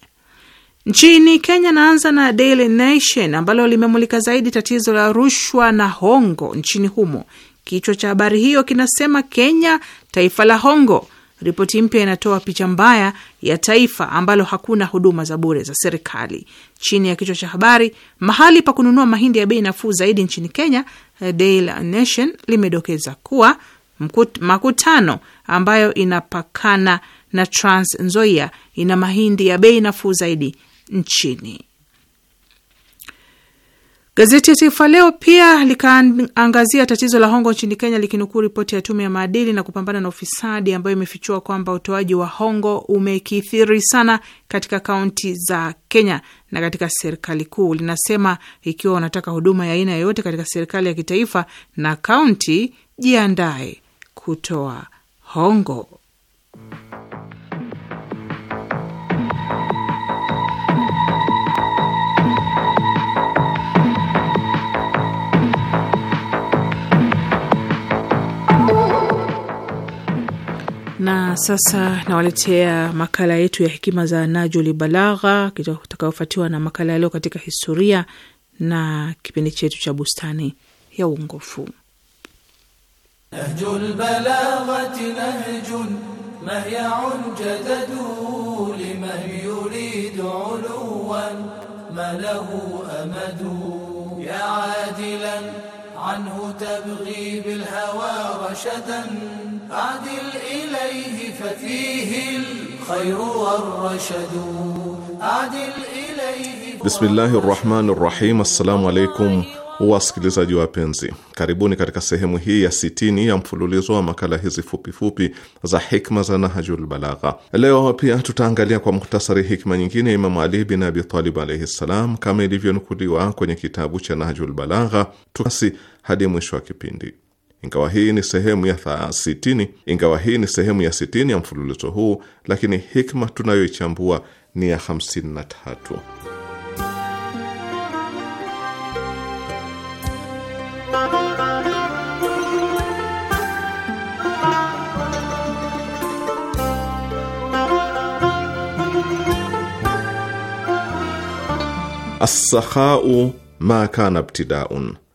Nchini Kenya, naanza na Daily Nation ambalo limemulika zaidi tatizo la rushwa na hongo nchini humo. Kichwa cha habari hiyo kinasema Kenya, taifa la hongo. Ripoti mpya inatoa picha mbaya ya taifa ambalo hakuna huduma za bure za serikali. Chini ya kichwa cha habari, mahali pa kununua mahindi ya bei nafuu zaidi nchini Kenya, Daily Nation limedokeza kuwa mkut, makutano ambayo inapakana na Trans Nzoia ina mahindi ya bei nafuu zaidi nchini. Gazeti ya Taifa Leo pia likaangazia tatizo la hongo nchini Kenya, likinukuu ripoti ya tume ya maadili na kupambana na ufisadi ambayo imefichua kwamba utoaji wa hongo umekithiri sana katika kaunti za Kenya na katika serikali kuu. Linasema ikiwa unataka huduma ya aina yoyote katika serikali ya kitaifa na kaunti, jiandae kutoa hongo. Na sasa nawaletea makala yetu ya hekima za Najuli Balagha kitakayofuatiwa na makala yaliyo katika historia na kipindi chetu cha bustani ya uongofu. عنه تبغي بالهوى رشدا عدل إليه ففيه الخير والرشد عدل إليه بسم الله الرحمن الرحيم السلام عليكم Wasikilizaji wapenzi, karibuni katika sehemu hii ya sitini ya mfululizo wa makala hizi fupifupi fupi za hikma za Nahjul Balagha. Leo pia tutaangalia kwa muhtasari hikma nyingine ya Imamu Ali bin Abi Talib alaihi ssalam, kama ilivyonukuliwa kwenye kitabu cha Nahjul Balagha, tukasi hadi mwisho wa kipindi. Ingawa hii ni sehemu ya thaa sitini, ingawa hii ni sehemu ya sitini ya mfululizo huu, lakini hikma tunayoichambua ni ya hamsini na tatu. assakhau ma kana fa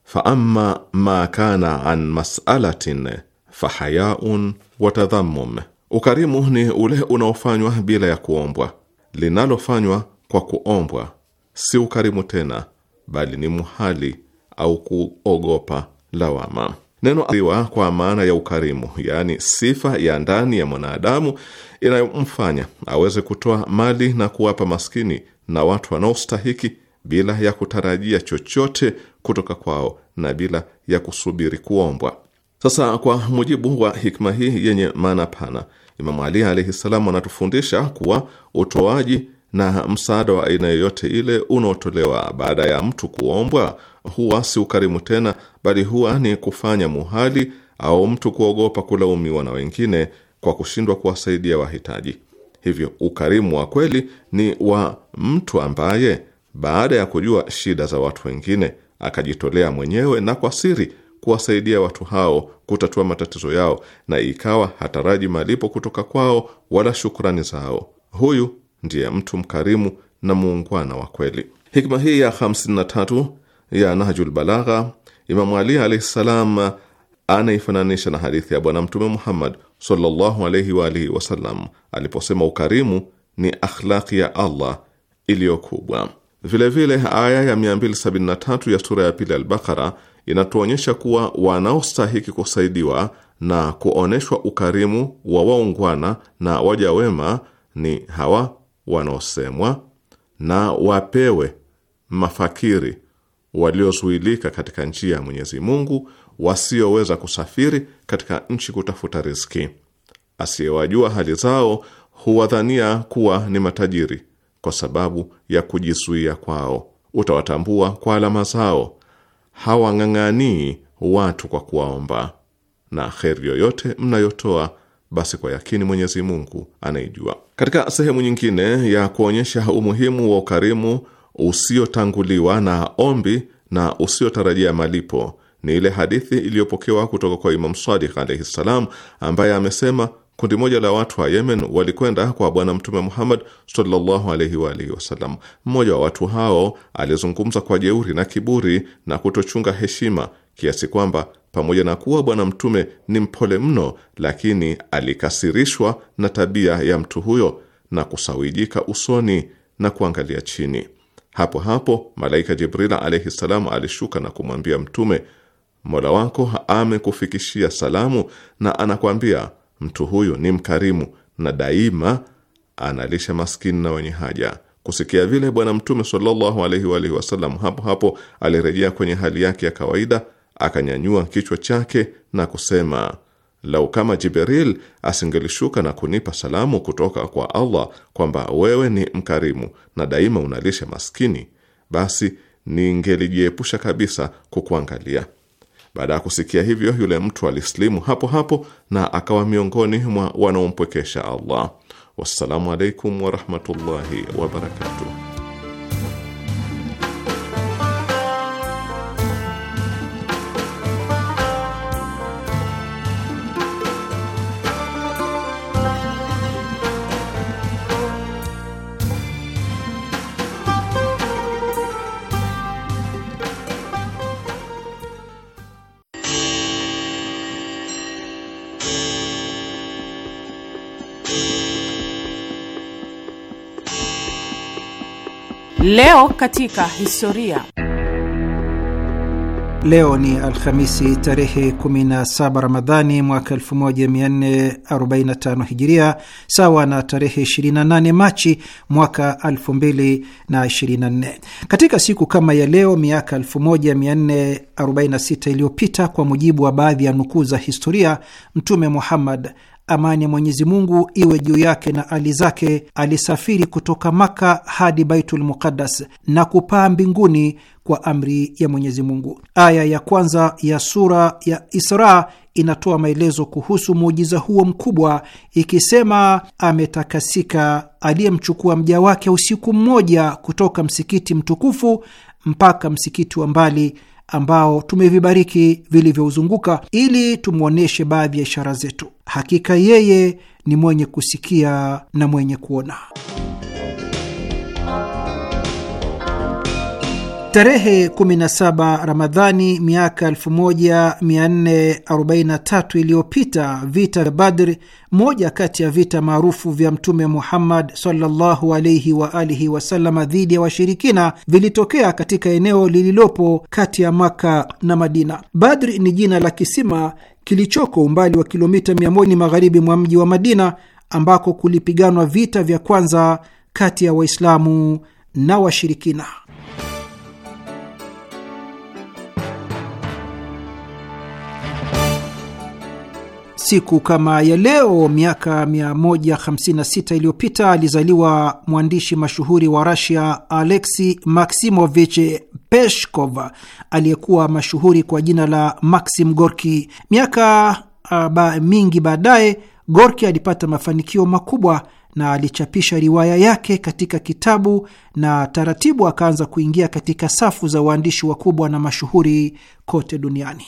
faama ma kana an masalatin fahayaun watadhammum, ukarimu ni ule unaofanywa bila ya kuombwa. Linalofanywa kwa kuombwa si ukarimu tena, bali ni muhali au kuogopa lawama. Neno riwa kwa maana ya ukarimu, yaani sifa ya ndani ya mwanadamu inayomfanya aweze kutoa mali na kuwapa maskini na watu wanaostahiki bila ya kutarajia chochote kutoka kwao na bila ya kusubiri kuombwa. Sasa, kwa mujibu wa hikma hii yenye maana pana, Imamu Ali alaihi salam anatufundisha kuwa utoaji na msaada wa aina yoyote ile unaotolewa baada ya mtu kuombwa huwa si ukarimu tena, bali huwa ni kufanya muhali au mtu kuogopa kulaumiwa na wengine kwa kushindwa kuwasaidia wahitaji. Hivyo ukarimu wa kweli ni wa mtu ambaye baada ya kujua shida za watu wengine, akajitolea mwenyewe na kwa siri kuwasaidia watu hao kutatua matatizo yao, na ikawa hataraji malipo kutoka kwao wala shukrani zao. Huyu ndiye mtu mkarimu na muungwana wa kweli. Hikma hii ya 53 ya Nahjul Balagha, Imamu Ali alaihi salam anaifananisha na hadithi ya Bwana Mtume Muhammad sallallahu alaihi wa alihi wasallam aliposema, ukarimu ni akhlaki ya Allah iliyo kubwa. Vilevile aya ya 273 ya sura ya pili Al-Baqara inatuonyesha kuwa wanaostahiki kusaidiwa na kuoneshwa ukarimu wa waungwana na waja wema ni hawa wanaosemwa na wapewe mafakiri waliozuilika katika njia ya Mwenyezi Mungu, wasioweza kusafiri katika nchi kutafuta riziki. Asiyewajua hali zao huwadhania kuwa ni matajiri kwa sababu ya kujizuia kwao. Utawatambua kwa alama zao, hawang'ang'anii watu kwa kuwaomba, na kheri yoyote mnayotoa basi kwa yakini Mwenyezi Mungu anaijua. Katika sehemu nyingine ya kuonyesha umuhimu wa ukarimu usiotanguliwa na ombi na usiotarajia malipo ni ile hadithi iliyopokewa kutoka kwa Imam Sadiq alaihi ssalam, ambaye amesema Kundi moja la watu wa Yemen walikwenda kwa Bwana Mtume Muhammad sallallahu alaihi wa alihi wasallam. Mmoja wa watu hao alizungumza kwa jeuri na kiburi na kutochunga heshima, kiasi kwamba pamoja na kuwa Bwana Mtume ni mpole mno, lakini alikasirishwa na tabia ya mtu huyo na kusawijika usoni na kuangalia chini. Hapo hapo malaika Jibrila alaihi salamu alishuka na kumwambia Mtume, mola wako amekufikishia salamu na anakwambia Mtu huyu ni mkarimu na daima analisha maskini na wenye haja. Kusikia vile Bwana Mtume sallallahu alaihi wa alihi wasallam hapo hapo alirejea kwenye hali yake ya kawaida, akanyanyua kichwa chake na kusema, lau kama Jibril asingelishuka na kunipa salamu kutoka kwa Allah kwamba wewe ni mkarimu na daima unalisha maskini, basi ningelijiepusha kabisa kukuangalia. Baada ya kusikia hivyo, yule mtu alislimu hapo hapo na akawa miongoni mwa wanaompwekesha Allah. Wassalamu alaikum warahmatullahi wabarakatuh. Leo katika historia. Leo ni Alhamisi tarehe 17 Ramadhani mwaka 1445 Hijiria, sawa na tarehe 28 Machi mwaka 2024. Katika siku kama ya leo miaka 1446 iliyopita, kwa mujibu wa baadhi ya nukuu za historia, Mtume Muhammad amani ya Mwenyezi Mungu iwe juu yake na ali zake, alisafiri kutoka Maka hadi Baitul Muqaddas na kupaa mbinguni kwa amri ya Mwenyezi Mungu. Aya ya kwanza ya sura ya Isra inatoa maelezo kuhusu muujiza huo mkubwa ikisema, ametakasika aliyemchukua mja wake usiku mmoja kutoka msikiti mtukufu mpaka msikiti wa mbali ambao tumevibariki vilivyouzunguka ili tumwonyeshe baadhi ya ishara zetu. Hakika yeye ni mwenye kusikia na mwenye kuona. Tarehe 17 Ramadhani miaka 1443 iliyopita, vita vya Badri, moja kati ya vita maarufu vya Mtume Muhammad sallallahu alaihi wa alihi dhidi ya washirikina vilitokea katika eneo lililopo kati ya Maka na Madina. Badri ni jina la kisima kilichoko umbali wa kilomita 100 magharibi mwa mji wa Madina, ambako kulipiganwa vita vya kwanza kati ya Waislamu na washirikina. Siku kama ya leo miaka 156 iliyopita alizaliwa mwandishi mashuhuri wa Rasia Aleksi Maksimovich Peshkov aliyekuwa mashuhuri kwa jina la Maxim Gorki. Miaka aba, ah, mingi baadaye Gorki alipata mafanikio makubwa na alichapisha riwaya yake katika kitabu na taratibu akaanza kuingia katika safu za waandishi wakubwa na mashuhuri kote duniani.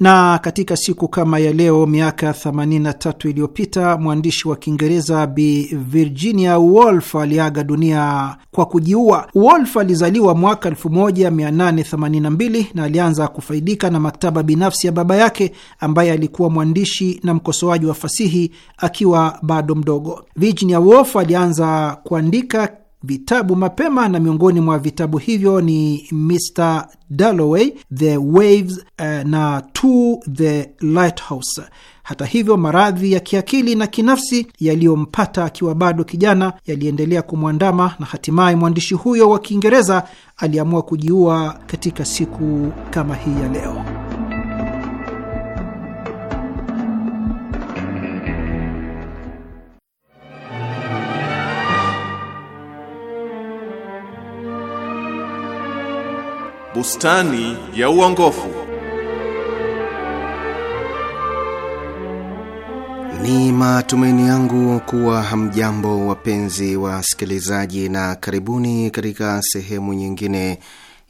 Na katika siku kama ya leo miaka 83 iliyopita mwandishi wa Kiingereza Bi Virginia Woolf aliaga dunia kwa kujiua. Woolf alizaliwa mwaka 1882 na alianza kufaidika na maktaba binafsi ya baba yake ambaye alikuwa mwandishi na mkosoaji wa fasihi akiwa bado mdogo. Virginia Woolf alianza kuandika vitabu mapema na miongoni mwa vitabu hivyo ni Mr Dalloway, The Waves uh, na To the Lighthouse. Hata hivyo, maradhi ya kiakili na kinafsi yaliyompata akiwa bado kijana yaliendelea kumwandama na hatimaye mwandishi huyo wa Kiingereza aliamua kujiua katika siku kama hii ya leo. bustani ya uongofu. Ni matumaini yangu kuwa hamjambo wapenzi wasikilizaji, na karibuni katika sehemu nyingine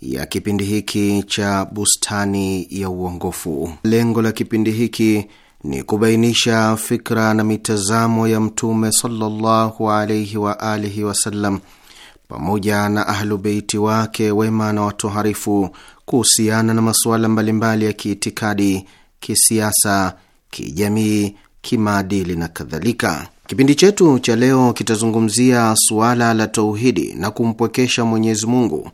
ya kipindi hiki cha bustani ya uongofu. Lengo la kipindi hiki ni kubainisha fikra na mitazamo ya Mtume sallallahu alaihi wa alihi wasallam pamoja na ahlubeiti wake wema na watoharifu kuhusiana na masuala mbalimbali ya kiitikadi, kisiasa, kijamii, kimaadili na kadhalika. Kipindi chetu cha leo kitazungumzia suala la tauhidi na kumpwekesha Mwenyezi Mungu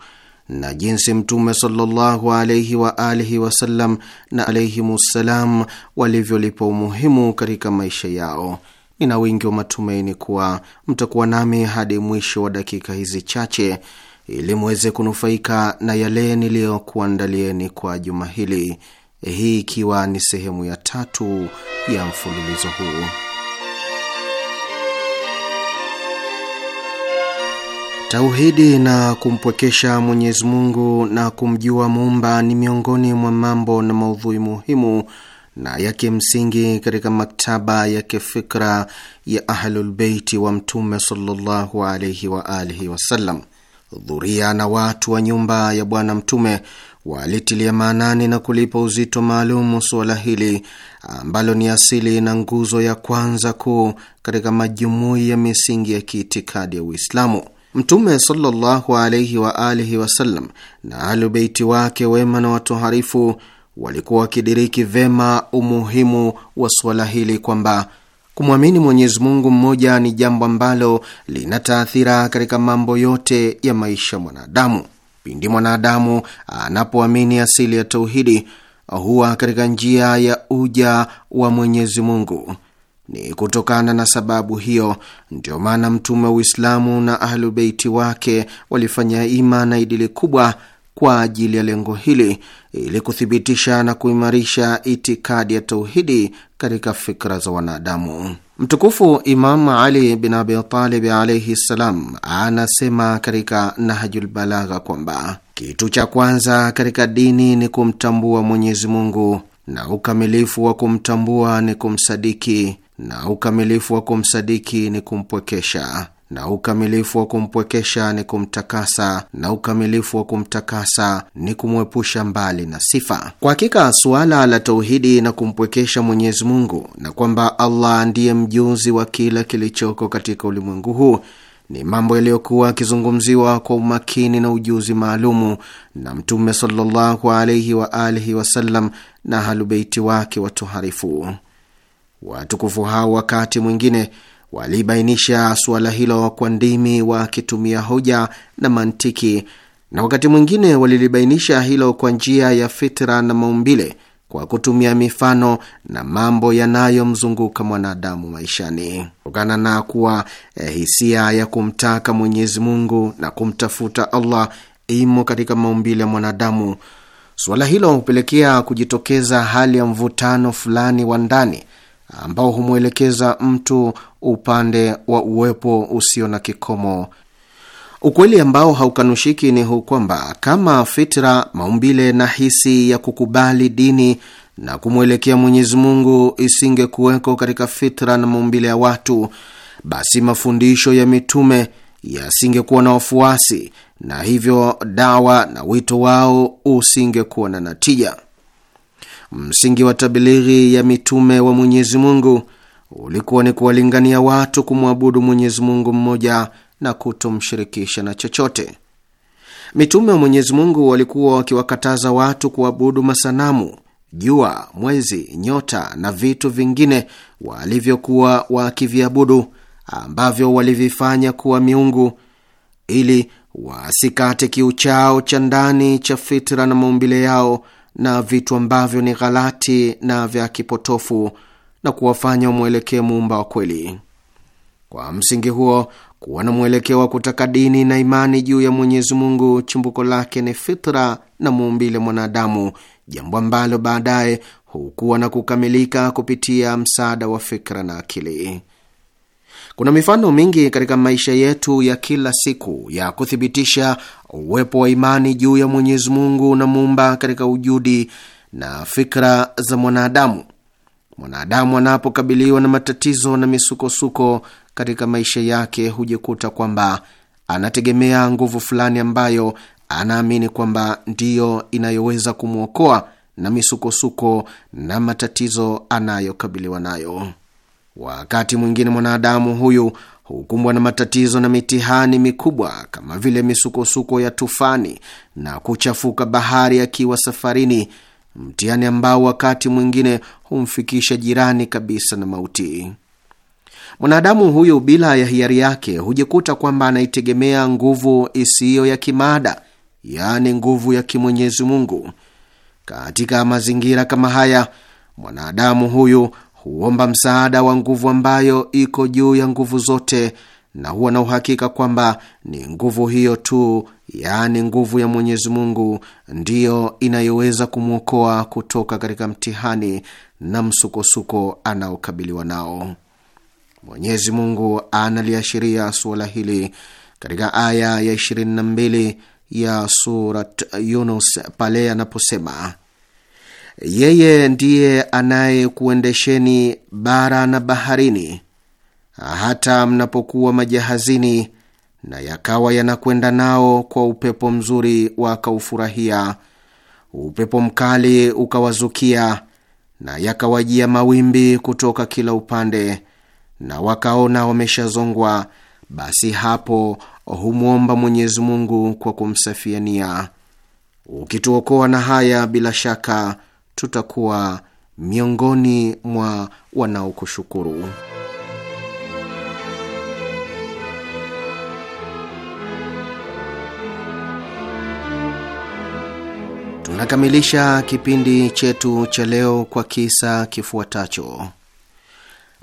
na jinsi Mtume sallallahu alaihi wa alihi wasallam na alaihimussalam walivyolipa umuhimu katika maisha yao. Nina wingi wa matumaini kuwa mtakuwa nami hadi mwisho wa dakika hizi chache ili mweze kunufaika na yale niliyokuandalieni kwa juma hili, hii ikiwa ni sehemu ya tatu ya mfululizo huu. Tauhidi na kumpwekesha Mwenyezi Mungu na kumjua muumba ni miongoni mwa mambo na maudhui muhimu na ya kimsingi katika maktaba ya kifikra ya Ahlulbeiti wa Mtume sallallahu alaihi wa alihi wasallam. Dhuria na watu wa nyumba ya Bwana Mtume walitilia maanani na kulipa uzito maalumu suala hili ambalo ni asili na nguzo ya kwanza kuu katika majumui ya misingi ya kiitikadi ya Uislamu. Mtume sallallahu alaihi wa alihi wasallam na Ahlubeiti wake wema na watoharifu walikuwa wakidiriki vema umuhimu wa suala hili kwamba kumwamini Mwenyezi Mungu mmoja ni jambo ambalo lina taathira katika mambo yote ya maisha mwanadamu. Pindi mwanadamu anapoamini asili ya tauhidi, huwa katika njia ya uja wa Mwenyezi Mungu. Ni kutokana na sababu hiyo ndio maana Mtume wa Uislamu na Ahlubeiti wake walifanya ima na idili kubwa kwa ajili ya lengo hili ili kuthibitisha na kuimarisha itikadi ya tauhidi katika fikra za wanadamu. Mtukufu Imam Ali bin Abi Talib alaihi ssalam anasema katika Nahjul Balagha kwamba kitu cha kwanza katika dini ni kumtambua Mwenyezi Mungu, na ukamilifu wa kumtambua ni kumsadiki, na ukamilifu wa kumsadiki ni kumpwekesha na ukamilifu wa kumpwekesha ni kumtakasa, na ukamilifu wa kumtakasa ni kumwepusha mbali na sifa. Kwa hakika suala la tauhidi na kumpwekesha Mwenyezi Mungu na kwamba Allah ndiye mjuzi wa kila kilichoko katika ulimwengu huu ni mambo yaliyokuwa akizungumziwa kwa umakini na ujuzi maalumu na Mtume sallallahu alaihi wa alihi wasallam na halubeiti wake watoharifu watukufu hao. Wakati mwingine walibainisha suala hilo kwa ndimi wakitumia hoja na mantiki, na wakati mwingine walilibainisha hilo kwa njia ya fitra na maumbile kwa kutumia mifano na mambo yanayomzunguka mwanadamu maishani. Kutokana na kuwa eh, hisia ya kumtaka Mwenyezi Mungu na kumtafuta Allah imo katika maumbile ya mwanadamu, suala hilo hupelekea kujitokeza hali ya mvutano fulani wa ndani ambao humwelekeza mtu upande wa uwepo usio na kikomo. Ukweli ambao haukanushiki ni huu kwamba kama fitra, maumbile na hisi ya kukubali dini na kumwelekea Mwenyezi Mungu isingekuweko katika fitra na maumbile ya watu, basi mafundisho ya mitume yasingekuwa na wafuasi, na hivyo dawa na wito wao usingekuwa na natija. Msingi wa tabilighi ya mitume wa Mwenyezi Mungu ulikuwa ni kuwalingania watu kumwabudu Mwenyezi Mungu mmoja na kutomshirikisha na chochote. Mitume wa Mwenyezi Mungu walikuwa wakiwakataza watu kuabudu masanamu, jua, mwezi, nyota na vitu vingine walivyokuwa wakiviabudu ambavyo walivifanya kuwa miungu ili wasikate kiu chao cha ndani cha fitra na maumbile yao na vitu ambavyo ni ghalati na vya kipotofu na kuwafanya wamwelekee muumba wa kweli. Kwa msingi huo, kuwa na mwelekeo wa kutaka dini na imani juu ya Mwenyezi Mungu chimbuko lake ni fitra na muumbile mwanadamu, jambo ambalo baadaye hukuwa na kukamilika kupitia msaada wa fikra na akili. Kuna mifano mingi katika maisha yetu ya kila siku ya kuthibitisha uwepo wa imani juu ya Mwenyezi Mungu na muumba katika ujudi na fikra za mwanadamu. Mwanadamu anapokabiliwa na matatizo na misukosuko katika maisha yake, hujikuta kwamba anategemea nguvu fulani ambayo anaamini kwamba ndiyo inayoweza kumwokoa na misukosuko na matatizo anayokabiliwa nayo. Wakati mwingine mwanadamu huyu hukumbwa na matatizo na mitihani mikubwa kama vile misukosuko ya tufani na kuchafuka bahari akiwa safarini, mtihani ambao wakati mwingine humfikisha jirani kabisa na mauti. Mwanadamu huyu bila ya hiari yake hujikuta kwamba anaitegemea nguvu isiyo ya kimaada, yaani nguvu ya kimwenyezi Mungu. Katika mazingira kama haya, mwanadamu huyu huomba msaada wa nguvu ambayo iko juu ya nguvu zote na huwa na uhakika kwamba ni nguvu hiyo tu, yaani nguvu ya Mwenyezi Mungu, ndiyo inayoweza kumwokoa kutoka katika mtihani na msukosuko anaokabiliwa nao. Mwenyezi Mungu analiashiria suala hili katika aya ya 22 ya Surat Yunus pale anaposema yeye ndiye anayekuendesheni bara na baharini, hata mnapokuwa majahazini, na yakawa yanakwenda nao kwa upepo mzuri, wakaufurahia. Upepo mkali ukawazukia, na yakawajia mawimbi kutoka kila upande, na wakaona wameshazongwa. Basi hapo humwomba Mwenyezi Mungu kwa kumsafiania, ukituokoa na haya, bila shaka tutakuwa miongoni mwa wanaokushukuru. Tunakamilisha kipindi chetu cha leo kwa kisa kifuatacho.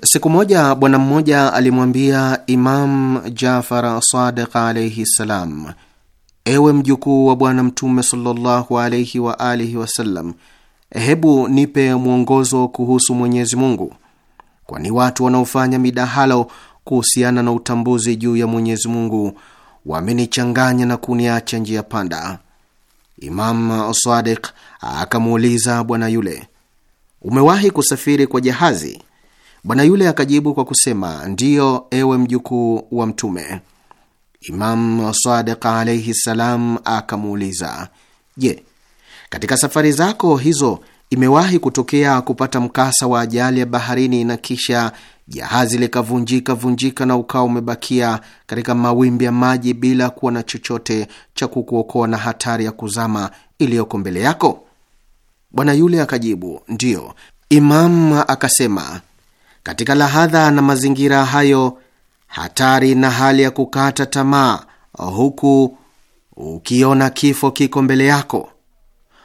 Siku moja bwana mmoja alimwambia Imam Jafar Sadiq alaihi ssalam, ewe mjukuu wa Bwana Mtume sallallahu alaihi waalihi wasallam hebu nipe mwongozo kuhusu Mwenyezi Mungu, kwani watu wanaofanya midahalo kuhusiana na utambuzi juu ya Mwenyezi Mungu wamenichanganya na kuniacha njia panda. Imam Sadiq akamuuliza bwana yule, umewahi kusafiri kwa jahazi? Bwana yule akajibu kwa kusema ndiyo, ewe mjukuu wa Mtume. Imam Sadiq alaihi salam akamuuliza, je, katika safari zako hizo imewahi kutokea kupata mkasa wa ajali ya baharini na kisha jahazi likavunjika vunjika na ukawa umebakia katika mawimbi ya maji bila kuwa na chochote cha kukuokoa na hatari ya kuzama iliyoko mbele yako? Bwana yule akajibu ndiyo. Imam akasema, katika lahadha na mazingira hayo hatari na hali ya kukata tamaa, huku ukiona kifo kiko mbele yako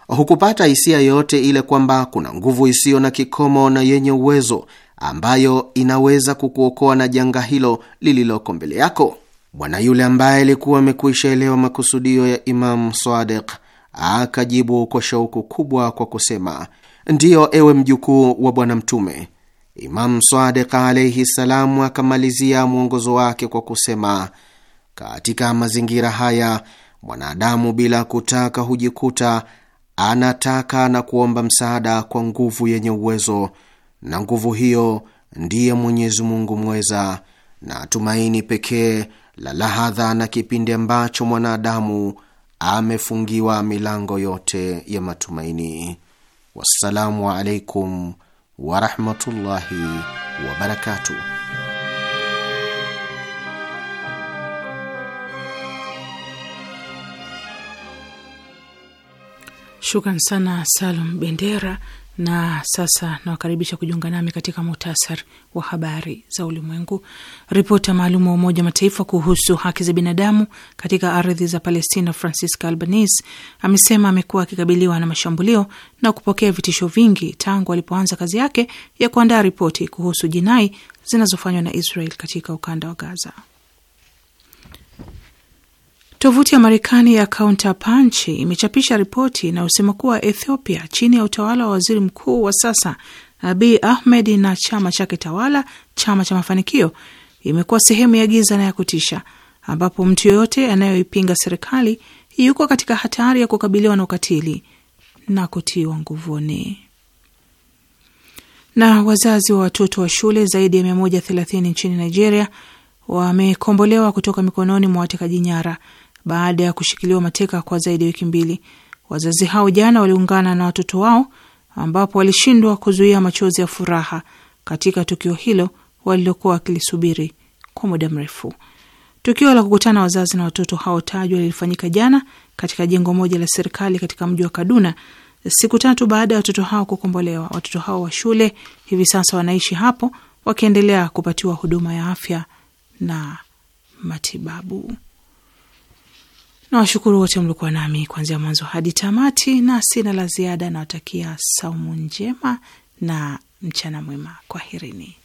hukupata hisia yoyote ile kwamba kuna nguvu isiyo na kikomo na yenye uwezo ambayo inaweza kukuokoa na janga hilo lililoko mbele yako. Bwana yule ambaye alikuwa amekwisha elewa makusudio ya Imamu Sadiq akajibu kwa shauku kubwa kwa kusema, ndiyo, ewe mjukuu wa Bwana Mtume. Imamu Sadiq alaihi salamu akamalizia mwongozo wake kwa kusema, katika mazingira haya mwanadamu bila kutaka hujikuta anataka na kuomba msaada kwa nguvu yenye uwezo, na nguvu hiyo ndiye Mwenyezi Mungu mweza na tumaini pekee la lahadha na kipindi ambacho mwanadamu amefungiwa milango yote ya matumaini. Wassalamu alaikum warahmatullahi wabarakatuh. Shukran sana Salum Bendera. Na sasa nawakaribisha kujiunga nami katika muhtasari wa habari za ulimwengu. Ripota maalum wa Umoja Mataifa kuhusu haki za binadamu katika ardhi za Palestina, Francisca Albanese amesema amekuwa akikabiliwa na mashambulio na kupokea vitisho vingi tangu alipoanza kazi yake ya kuandaa ripoti kuhusu jinai zinazofanywa na Israel katika ukanda wa Gaza. Tovuti ya Marekani ya Counterpunch imechapisha ripoti inayosema kuwa Ethiopia chini ya utawala wa waziri mkuu wa sasa Abiy Ahmed na chama chake tawala, chama cha Mafanikio, imekuwa sehemu ya giza na ya kutisha, ambapo mtu yoyote anayoipinga serikali yuko katika hatari ya kukabiliwa na ukatili na kutiwa nguvuni. Na wazazi wa watoto wa shule zaidi ya 130 nchini Nigeria wamekombolewa kutoka mikononi mwa watekaji nyara baada ya kushikiliwa mateka kwa zaidi ya wiki mbili. Wazazi hao jana waliungana na watoto wao, ambapo walishindwa kuzuia machozi ya furaha katika tukio hilo walilokuwa wakilisubiri kwa muda mrefu. Tukio la kukutana wazazi na watoto hao tajwa lilifanyika jana katika jengo moja la serikali katika mji wa Kaduna, siku tatu baada ya watoto hao kukombolewa. Watoto hao wa shule hivi sasa wanaishi hapo wakiendelea kupatiwa huduma ya afya na matibabu. Nawashukuru wote mlikuwa nami kuanzia mwanzo hadi tamati, na sina la ziada. Nawatakia saumu njema na mchana mwema. Kwaherini.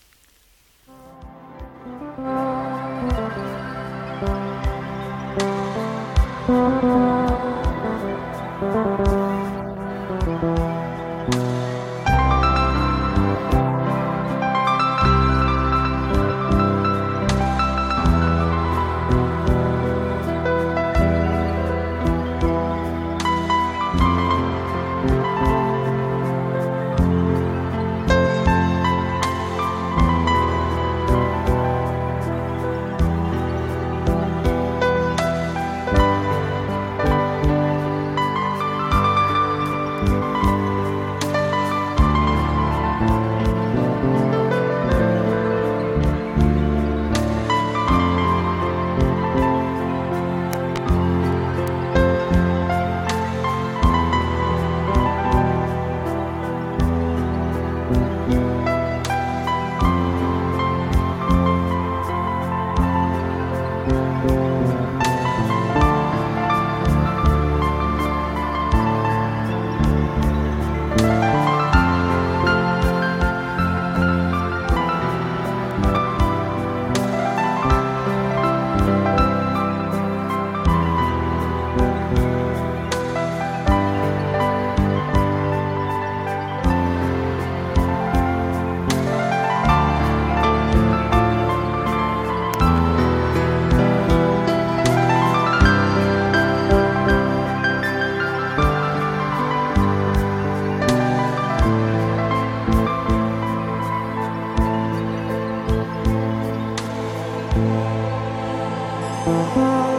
Música